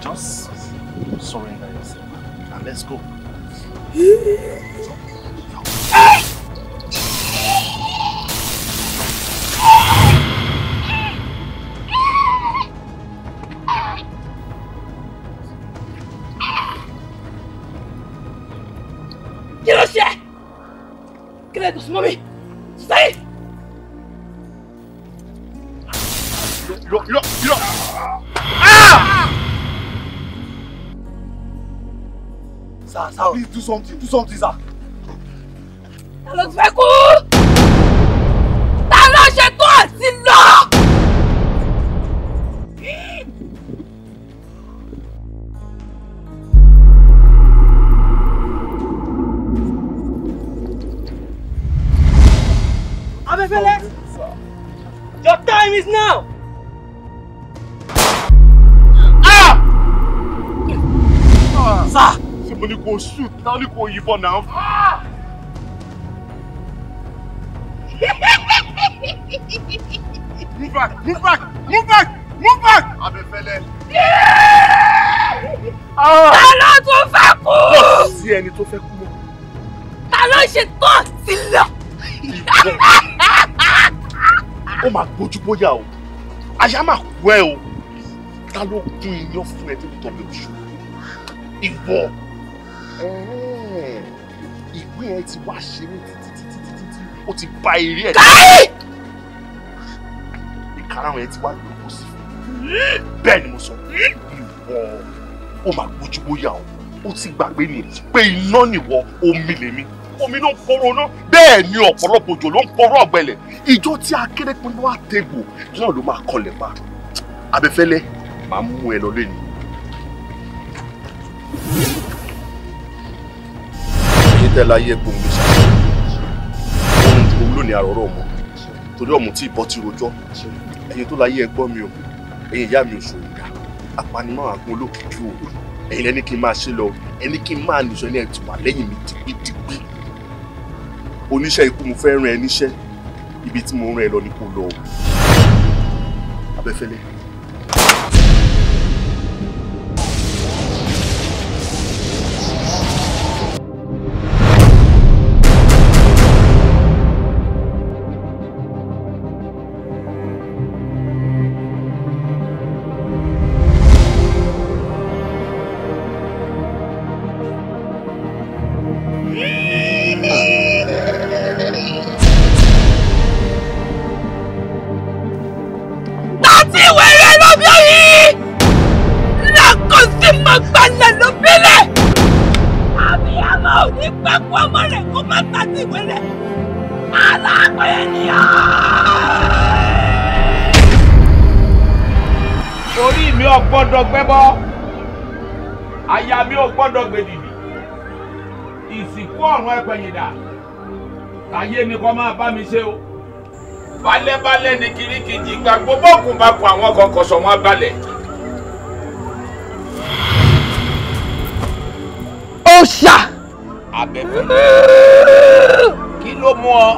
Just surrender yourself and let's go. *gasps* *laughs* Please do something, do something, sir. go shoot na only na. move back move back move back move back. abẹfẹlẹ. ta ló tún fẹ́ kú. kò sí ẹni tó fẹ́ kú mọ́. ta ló ṣe tán sílẹ̀. ó máa gbójú bóyá o àyà máa kú ẹ o ta ló kún iyán fún ẹ tó tọ́ bí oṣù ìwọ ìpín ẹ ti wá ṣe mí títí títí títí ó ti ba eré ẹ. káyì. ìkarahun ẹ ti wá gbé kó sí fún mi bẹ́ẹ̀ ni mo sọ ìwọ ó máa gbójú bóyá o ó ti gbàgbé ni pé iná nìwọ omi lèmi omi ló ń poró ná bẹ́ẹ̀ ni ọ̀pọ̀lọpọ̀ òjò ló ń poró ọ̀gbẹ́lẹ̀ ìjọ tí akérèpinnu wa tẹ̀gbò náà ló máa kọlẹ̀ pa abẹ́fẹ́lẹ́ máa mú ẹ lọ lẹ́nu tẹ́ láyé gbòǹgbò ṣáà ohun tí owó lónìí àròrò ọmọ torí ọmọ tí ìbọn ti rojọ́ ẹ̀yin tó láyé ẹgbọ́ mi o ẹ̀yin ìyá mi ò ṣòǹgà apanimọ́ àgún olókìkí o ẹ̀yin lẹ́ni kí n máa ṣe lọ ẹni kí n máa nìṣọ́ ní ẹ̀tùwà lẹ́yìn mi tipẹ́tipẹ́ oníṣẹ́ ikú mo fẹ́ rán ẹ níṣẹ́ ibi tí mo rán ẹ lọ ni kò lọ abẹ́fẹ́lẹ́. gbọ́dọ̀ gbẹ́bọ aya mi ò gbọ́dọ̀ gbèdìdì ìsìnkú ọ̀run ẹ̀pẹ̀yìndà káyé ni kọ́ máa bá mi ṣe o. balẹ̀balẹ̀ ni kirikiji gba gbogbo òkun bá kun àwọn kọ̀ọ̀kan sọ wọ́n balẹ̀. ó ṣá. abẹ́fẹ́ kí ló mú ọ.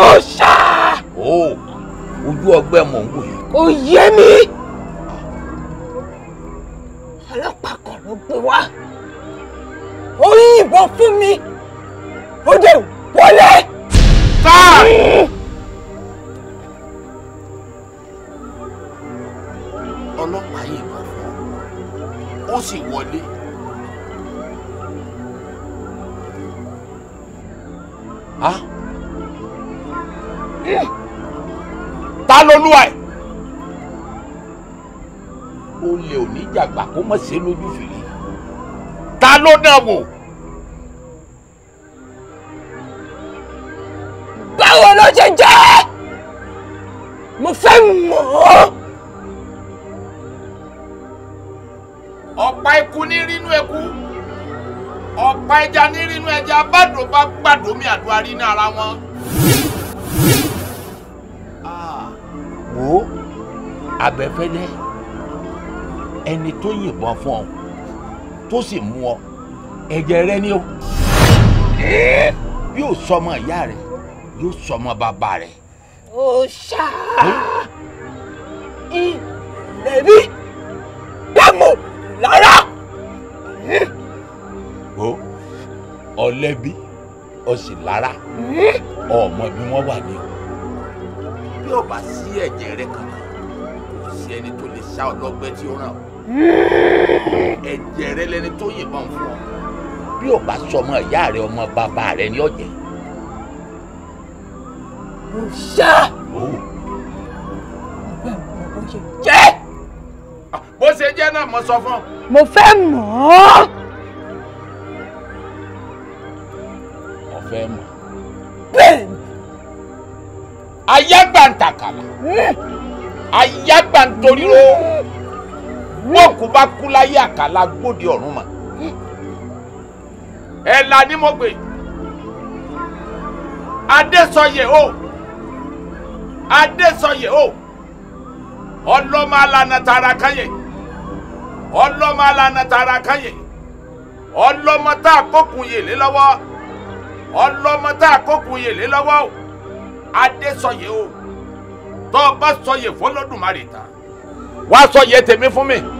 ó ṣá. o ojú ọgbẹ́ mò ń wò yìí ó yé mi ọlọ́pàá kan ló gbé wá ó yìnbọn fún mi ó dé wọlé. sáà. ọlọ́pàá yìnbọn fún ọ ó sì wọlé. Ah. ta lolúwa ẹ̀ olè oníjàgbà kó mọ̀ sí lójú fèrè ta ló dán wò. báwo ló ṣe jẹ́ mo fẹ́ mọ̀ ọ́. ọ̀pá ikú ní rínú ẹkú ọ̀pá ẹja ní rínú ẹja bàdó bá gbàdó mi àdó arí ní ara wọn. Ah. wo abẹ́fẹ́lẹ́ ẹni tó yìnbọn fún ọ tó sì mú ọ ẹ̀jẹ̀ rẹ ni ó yóò sọmọ ìyá rẹ yóò sọmọ bàbá rẹ. ó ṣá ìlẹ̀rí dẹ́mu lára. o ọlẹ́bí o sì lára ọmọ bí wọ́n wà ní o bí ọba sí ẹ̀jẹ̀ rẹ kankan kò sí ẹni tó lè ṣá ọlọ́gbẹ́ tí ó ràn ọ́ ẹ̀jẹ̀ rẹ lẹni tó yìnbọn fún ọ bí o sọmọ ìyá rẹ ọmọ bàbá rẹ ni ọ̀jẹ̀. mo ṣá. jẹ́. Ah, bó ṣe jẹ́ náà mo sọ fún ọ. mo fẹ́ mọ̀ ọ́. mo fẹ́ mọ̀. bẹ́ẹ̀ ni. ayágbàǹtàkàlà hmm. ayágbàǹtoríró. Mm bọ́ọ̀kù bá kú láyé àkàlà gbòdì ọ̀run mà ẹ̀là ni mo gbè adésọyè o adésọyè o ọlọ́mọ alànà tààrà káyè ọlọ́mọ alànà tààrà káyè ọlọ́mọ tá a kókun yèlé lọ́wọ́ ọlọ́mọ tá a kókun yèlé lọ́wọ́ o adésọyè o tọ́ ọ bá sọyè fọlọ́dúnmarè ta wàá sọyè tèmi fún mi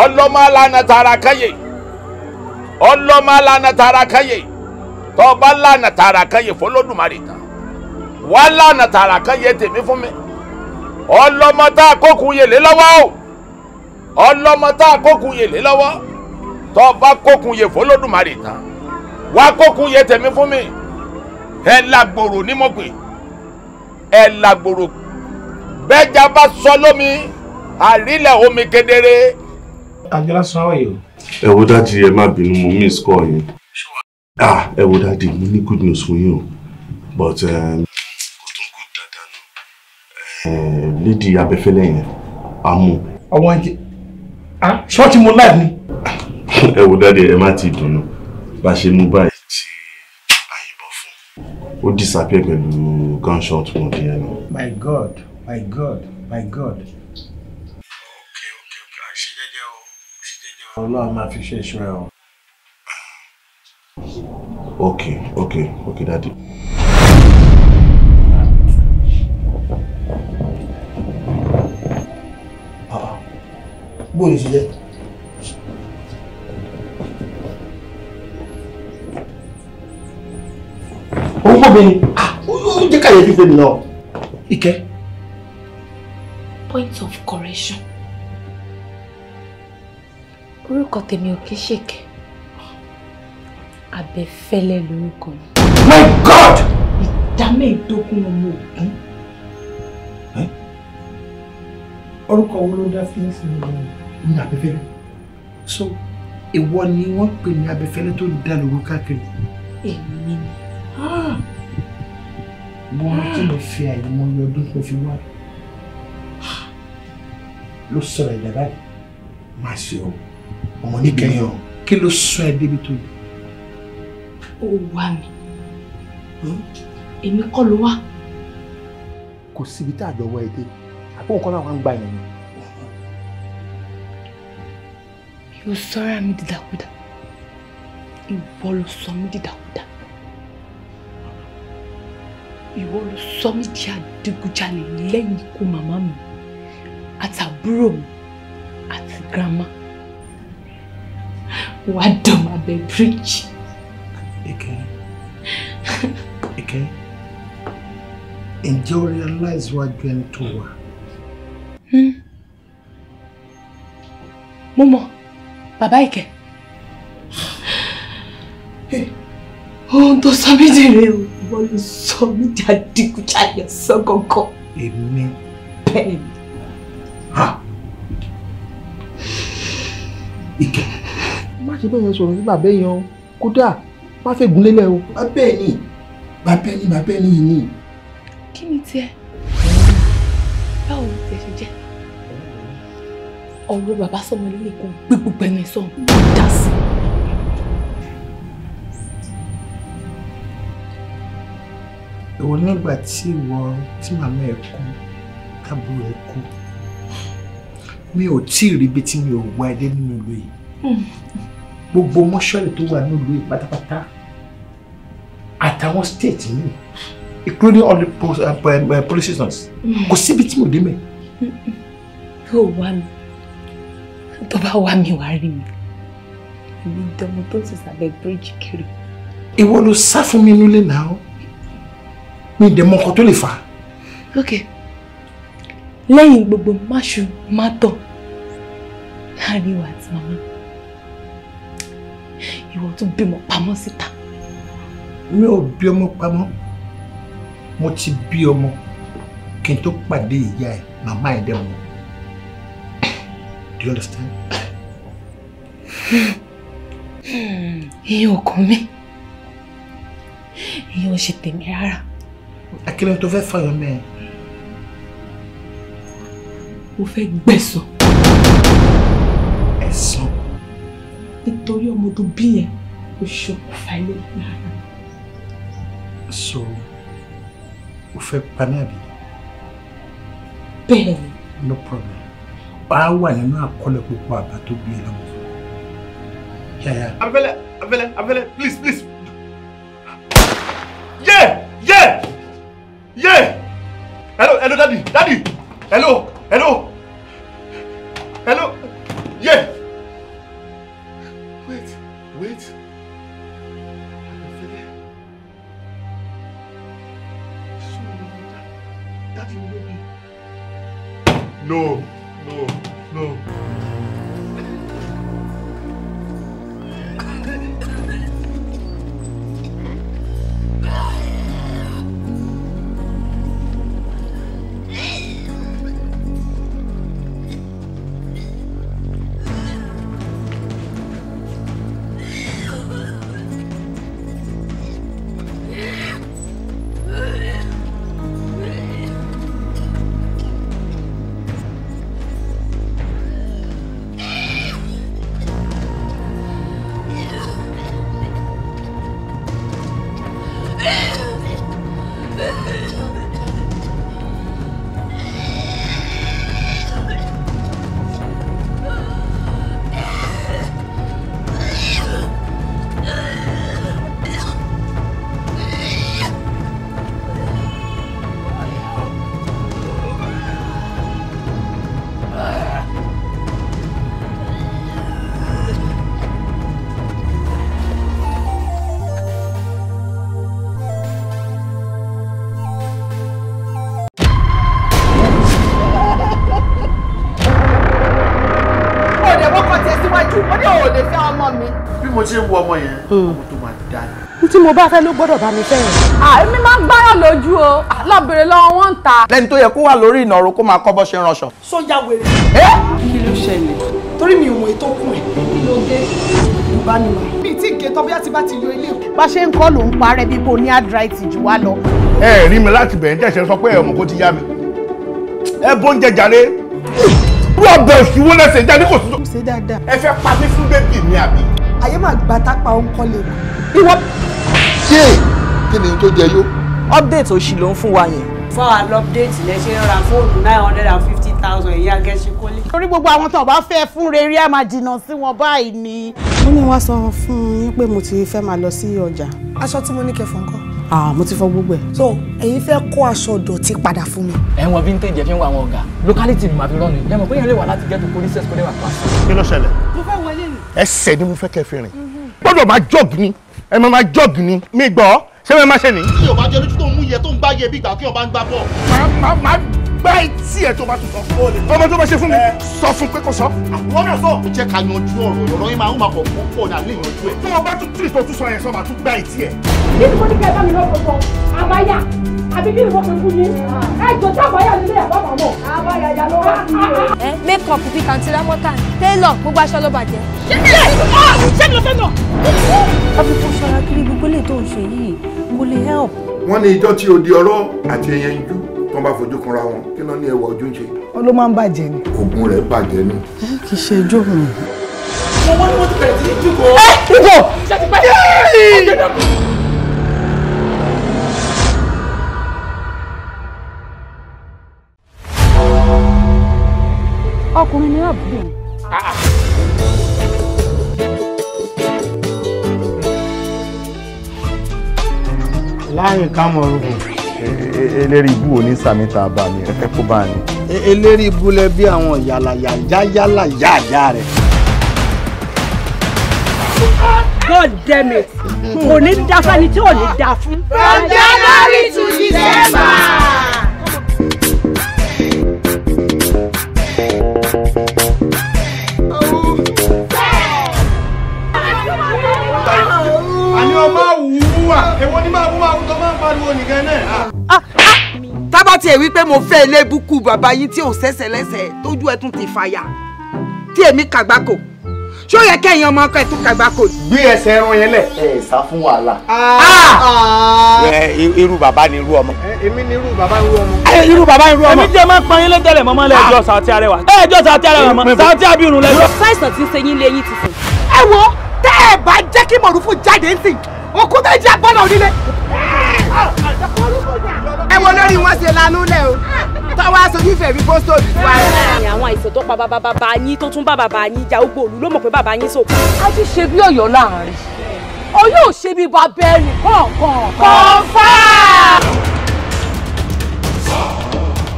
ọlọ́mọ alánà tààrà káyè ọlọ́mọ alánà tààrà káyè tọ́ba lánà tààrà káyè fọlọ́dúnmarè tán wà lánà tààrà káyè tèmi fún mi ọlọ́mọ tá a kókù yèlé lọ́wọ́ o ọlọ́mọ tá a kókù yèlé lọ́wọ́ tọ́ba kókù yè fọlọ́dúnmarè tán wà kókù yè tèmi fún mi ẹ lágbòrò ní mo pè ẹ lágbòrò bẹ́jà bá sọ lómi àrílẹ̀ omi kedere Agbẹ́lá how are you? Ẹ wo dáàdi ẹ má bínú mo miss call yín. Ah ẹ wo dáàdi mo ní good news for you, but eh, kò tún good dáadáa nù. Eh, lady, abẹ́fẹ́lẹ́ yẹn a mú. Ọwọ́ ẹ jẹ́ ṣọ́ọ̀tì mo láì ní. Ẹ wo dáàdi ẹ má ti dùnú bá a ṣe mú báyìí tí a yìnbọn fún. Ó disappear pẹ̀lú gunshot wound yẹn. My God, my God, my God. Ọlọ́run máa fi ṣe iṣẹ́ o. Okay, okay, okay, daddy. Ah, bó ni ṣe jẹ́? Òun mọ̀ mi ni, ó ah, jẹ́ kàyéfì fèmí náà. Ike. Point of correction orúkọ tèmi ò kí ṣèké abẹ́fẹ́lẹ́ lórúkọ mi. my god. ìdá mẹ́ẹ̀ẹ́dógún ọmọ ògún. orúkọ wo ló dá fílẹ̀ sí mi ní abẹ́fẹ́lẹ́. so ìwọ ni wọ́n pè ní abẹ́fẹ́lẹ́ tó dá lóru káàkiri. èmi ni. bó wọn kí ló fi àìmọye ọdún tó fi wá ló sọ̀rọ̀ ìdàbáyé má ṣe o ọmọ oníkẹyìn o kí ló sún ẹ débi tó yẹ. ó wà mí hmm? èmi kọ́ ló wá. kò síbi tá a jọ wọ ẹ dé àbọ̀ nǹkan náà wà ń gba ìrìn. yóò sọ́ra mi dìdàkudà ìwọ ló sọ mí dìdàkudà ìwọ ló sọ mí di adigunjalè lẹ́yìn ikú màmá mi àtàbúrò mi àti girama. What do they preach? Okay. Okay. Ike. Ǹjẹ́ o realize what you went to wa? Hmm. Mo mọ̀, bàbá Ike. Ohun tó sọ mí dìre o, ìwọ ló sọ mí di adigunjalè ọ̀sán gangan. Èmi. Bẹ́ẹ̀ni. Ha! Ike. ṣe bẹ́ẹ̀ sọ̀rọ̀ sí bàbá yẹn o kódà má fẹ́gun lélẹ̀ o. bàbá ẹ̀ ni bàbá ẹ̀ ni bàbá ẹ̀ ni yìí ni. kí ni tiẹ̀ báwo ni tiẹ̀ ṣe jẹ́ ọ̀rọ̀ bàbá sọmọ ilé kò gbé gbogbo ẹni sọ dá sí. ìwọ nígbà tí ìwọ tí màmá ẹ̀ kú tábìlì ẹ̀ kú mi ò tí ì ríbi tí mi ò wá ẹdẹ nínú ìlú yìí. Hmm gbogbo mọ́ṣúárì tó wà nílùú yìí pátápátá àtàwọn state mi including all the eh, eh, police stations mm. kò síbi tí mo dé mẹ́. yóò wá mi tó bá wá mi wá rí mi èmi dánmọ tó ti sàbẹ̀ bíríìjì kiri. ìwọ ló sá fún mi nílé náà mi dẹ̀ mọ ọkọ tó lè fà á. ok lẹ́yìn gbogbo máṣu mátọ̀ láàrin wa àti màmá ìwọ tún bímọ pamọ́ síta. mi ò bí ọmọ pamọ́ mo ti bí ọmọ kí n tó pàdé ìyá ẹ màmá ẹ dẹ̀ mọ́ do you understand. ìyẹn ò kàn mí ìyẹn ò ṣe tèmi rárá. akínbẹ́ni tó fẹ́ fọyọ́ mẹ́ẹ̀. mo fẹ́ gbẹ̀sọ̀. nítorí ọmọ tó bí yẹn ó ṣokùnfà ilé so o fẹ́ paná àbí. no problem wàá wà nínú àkọlẹ̀ púpọ̀ àbá tó bí ẹ lọ́wọ́. yàyà. abẹ́lẹ̀ abẹ́lẹ̀ abẹ́lẹ̀ please please. yeah yeah yeah hello hello daddy daddy hello hello hello. mo ti ń wo ọmọ yẹn hmm. ọmọ tó máa dá ni. n tí mo bá fẹ́ ló gbọ́dọ̀ bá mi fẹ́ràn. àìmí máa ń gbáyà lójú o alábèrè lọ́wọ́ wọn ń ta. lẹ́ni tó yẹ kó wà lórí ìnà kó máa kọ́ bọ́ ṣe ránṣọ. sójà wèrè. kí ló ṣẹlẹ̀ torí mi ò mọ ètò kùn ẹ̀ kí ló dé ìbánimọ̀. mi ti gé tọ́ bí a ti bá ti lo ilé. bá ṣe ń kọ́ ló ń parẹ́ bí kò ní arthritis jù wá lọ. ẹ rí mi láti bẹ̀rẹ̀ tẹ̀sẹ̀ sọ pé ọmọ kò ti yá mi ẹ bó ń jẹ jàre rọ̀bẹ̀ òṣùwọ̀n lẹ́sẹ̀ jáde kò sí. ẹ fẹ́ pa mí fún bébì mi àbí ayé máa gba tápá òǹkọ lè wà. ìwọ. ṣé kí ni tó jẹ yó. update òṣì ló ń fún wa yẹn. fún wa lọ́pdéètì lẹ́sẹ̀ ra fóònù nine hundred and fifty thousand ìyá gẹ̀ṣíkólé. torí gbogbo àwọn tó bá fẹ́ fún rere á máa jìnnà sí wọn báyìí ni. mo ní wá sọ fún yín pé mo ti fẹ́ máa lọ sí ọjà. aṣọ tí mo ní kẹfọ nǹkan. Ah, mo ti fọ gbogbo ẹ. so ẹ̀yin fẹ́ kó aṣọ dọ̀tí padà fún mi. ẹ̀wọ̀n vintage ẹ̀ fi ń wá àwọn ọ̀gá locality ni màá fi rọ́ọ̀nù ẹ̀ mọ̀ pé yẹn lè wà láti gẹ́tù police escort wà pa. kí ló ṣẹlẹ̀ ẹsẹ̀ ni mo fẹ́ kẹ́ fi rìn gbọ́dọ̀ máa jọ́ọ̀gì ni ẹ máa máa jọ́ọ̀gì ni mi gbọ́ ṣé mo máa ṣe ni. tí o bá jẹ lójú tó ń mú iye tó ń bá yẹ bí ìgbà kí o bá ń gbá bọ̀. màá màá gbá etí ẹ tó bá tún sọ. ọmọ tó bá ṣe fún mi sọ fún pé kò sọ. àwọn náà sọ. ó jẹ́ ká yanjú ọ̀rọ̀ ọ̀rọ̀ yín máa ń makọ̀ fún pọ̀ náà lè yanjú ẹ̀. tó o bá tún tún ìtọ́jú sọ yẹn sọ màá tún gbá etí ẹ. bí mo ní kẹ́ bá mi lọ́kọ̀ọ́ àbí kí ni yín ẹ jọ táwọn ayé àti ẹ̀ bàbá mọ̀. àbáyà ìyá ló wá sí i. ẹ make up fi kàntìlá mọ́tà tẹ́lọ̀ gbogbo aṣọ ló bàjẹ́. ṣé kí lè ah, ṣé kí lè fẹ́ nà. àbí kò ṣara kiri gbogbo lè tó ń ṣe yìí kò lè help. wọ́n ní ijọ́ tí odi ọ̀rọ̀ àti ẹyẹ ń ju tó ń bá fojú kanra wọn kí ló ní ẹwà ojú ń ṣe. wọn ló máa ń bàjẹ́ ni. oògùn rẹ̀ bàjẹ́ ni. kì í ṣe ijó mi. mo wá ní wọ́n ti bẹ̀rẹ̀ sí í dúkọ̀ọ́. ẹ dúkọ̀. ṣé ti pẹ́ ọkùnrin ni wọ́n bí mi. láàrin kámọ̀ ogun. eléri ibú òní sàmì tá a bá mi ẹ kó bá ní. E-, eléri ibú lẹ bí àwọn yàlàyà yáyàlà yáàyà rẹ. God damn it! Kò ní dáfẹ́ ni tí ò ní dá fún. From January to December. èwo ni máa mú máa tó máa ń pariwo nìkan náà. Ah. Ah, ah. tábà tiẹ̀ wí pé mo fẹ́ lébùkù bàbá yín tí ò sẹ́sẹ̀ lẹ́sẹ̀ tójú ẹ̀ tún ti fàyà tí èmi kàgbákò ṣó yẹ kẹ́yìn ọmọ ọkọ ẹ̀ tún kàgbákò. gbé ẹsẹ̀ ẹran yẹn lẹ̀. ẹ sá fún wàhálà. irú bàbá ni irú ọmọ. èmi ni irú bàbá irú ọmọ. irú bàbá irú ọmọ. èmi jẹ́ máa ń pa yín létẹ́lẹ̀ mọ́mọ́ lẹ́jọ́ sàtí arẹwà. Eh, ẹ̀ẹ́dọ́ sàtí arẹwà mọ́ sàtí abirùn lẹ́jọ́. fáìsàn ti ń ṣe yín lé yín ti sùn. ẹ wo tẹ́ ẹ bá jẹ́ kí mọ̀rúfù jáde ń sìn òkúta ìjà gbọ́dọ̀ nílé. ẹ wo lórí wọn ṣe lanú lẹ o tọwọ aṣojú ìfẹ́ bí pósítọ òbí wa. àwọn àìsàn tó pa bàbá bàbá yín tó tún bá bàbá yín jà gbogbo òlu ló mọ̀ pé bàbá yín sòkò. a ti ṣe bí ọ̀yọ́ láàrin o yóò ṣe bí bàbá ẹni kọ̀ọ̀kan. kọ̀ọ̀fà.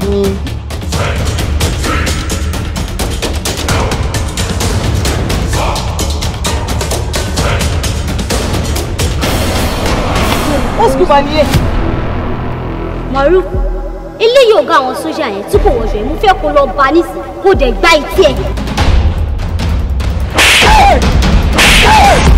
Hmm. olúwa ni ẹ. Maruf eléyìí ọ̀gá àwọn sójà yẹn tí kò wọṣọ yẹn mo fẹ́ kó lọ bá nísìn kó dẹ̀ gbá etí ẹ̀.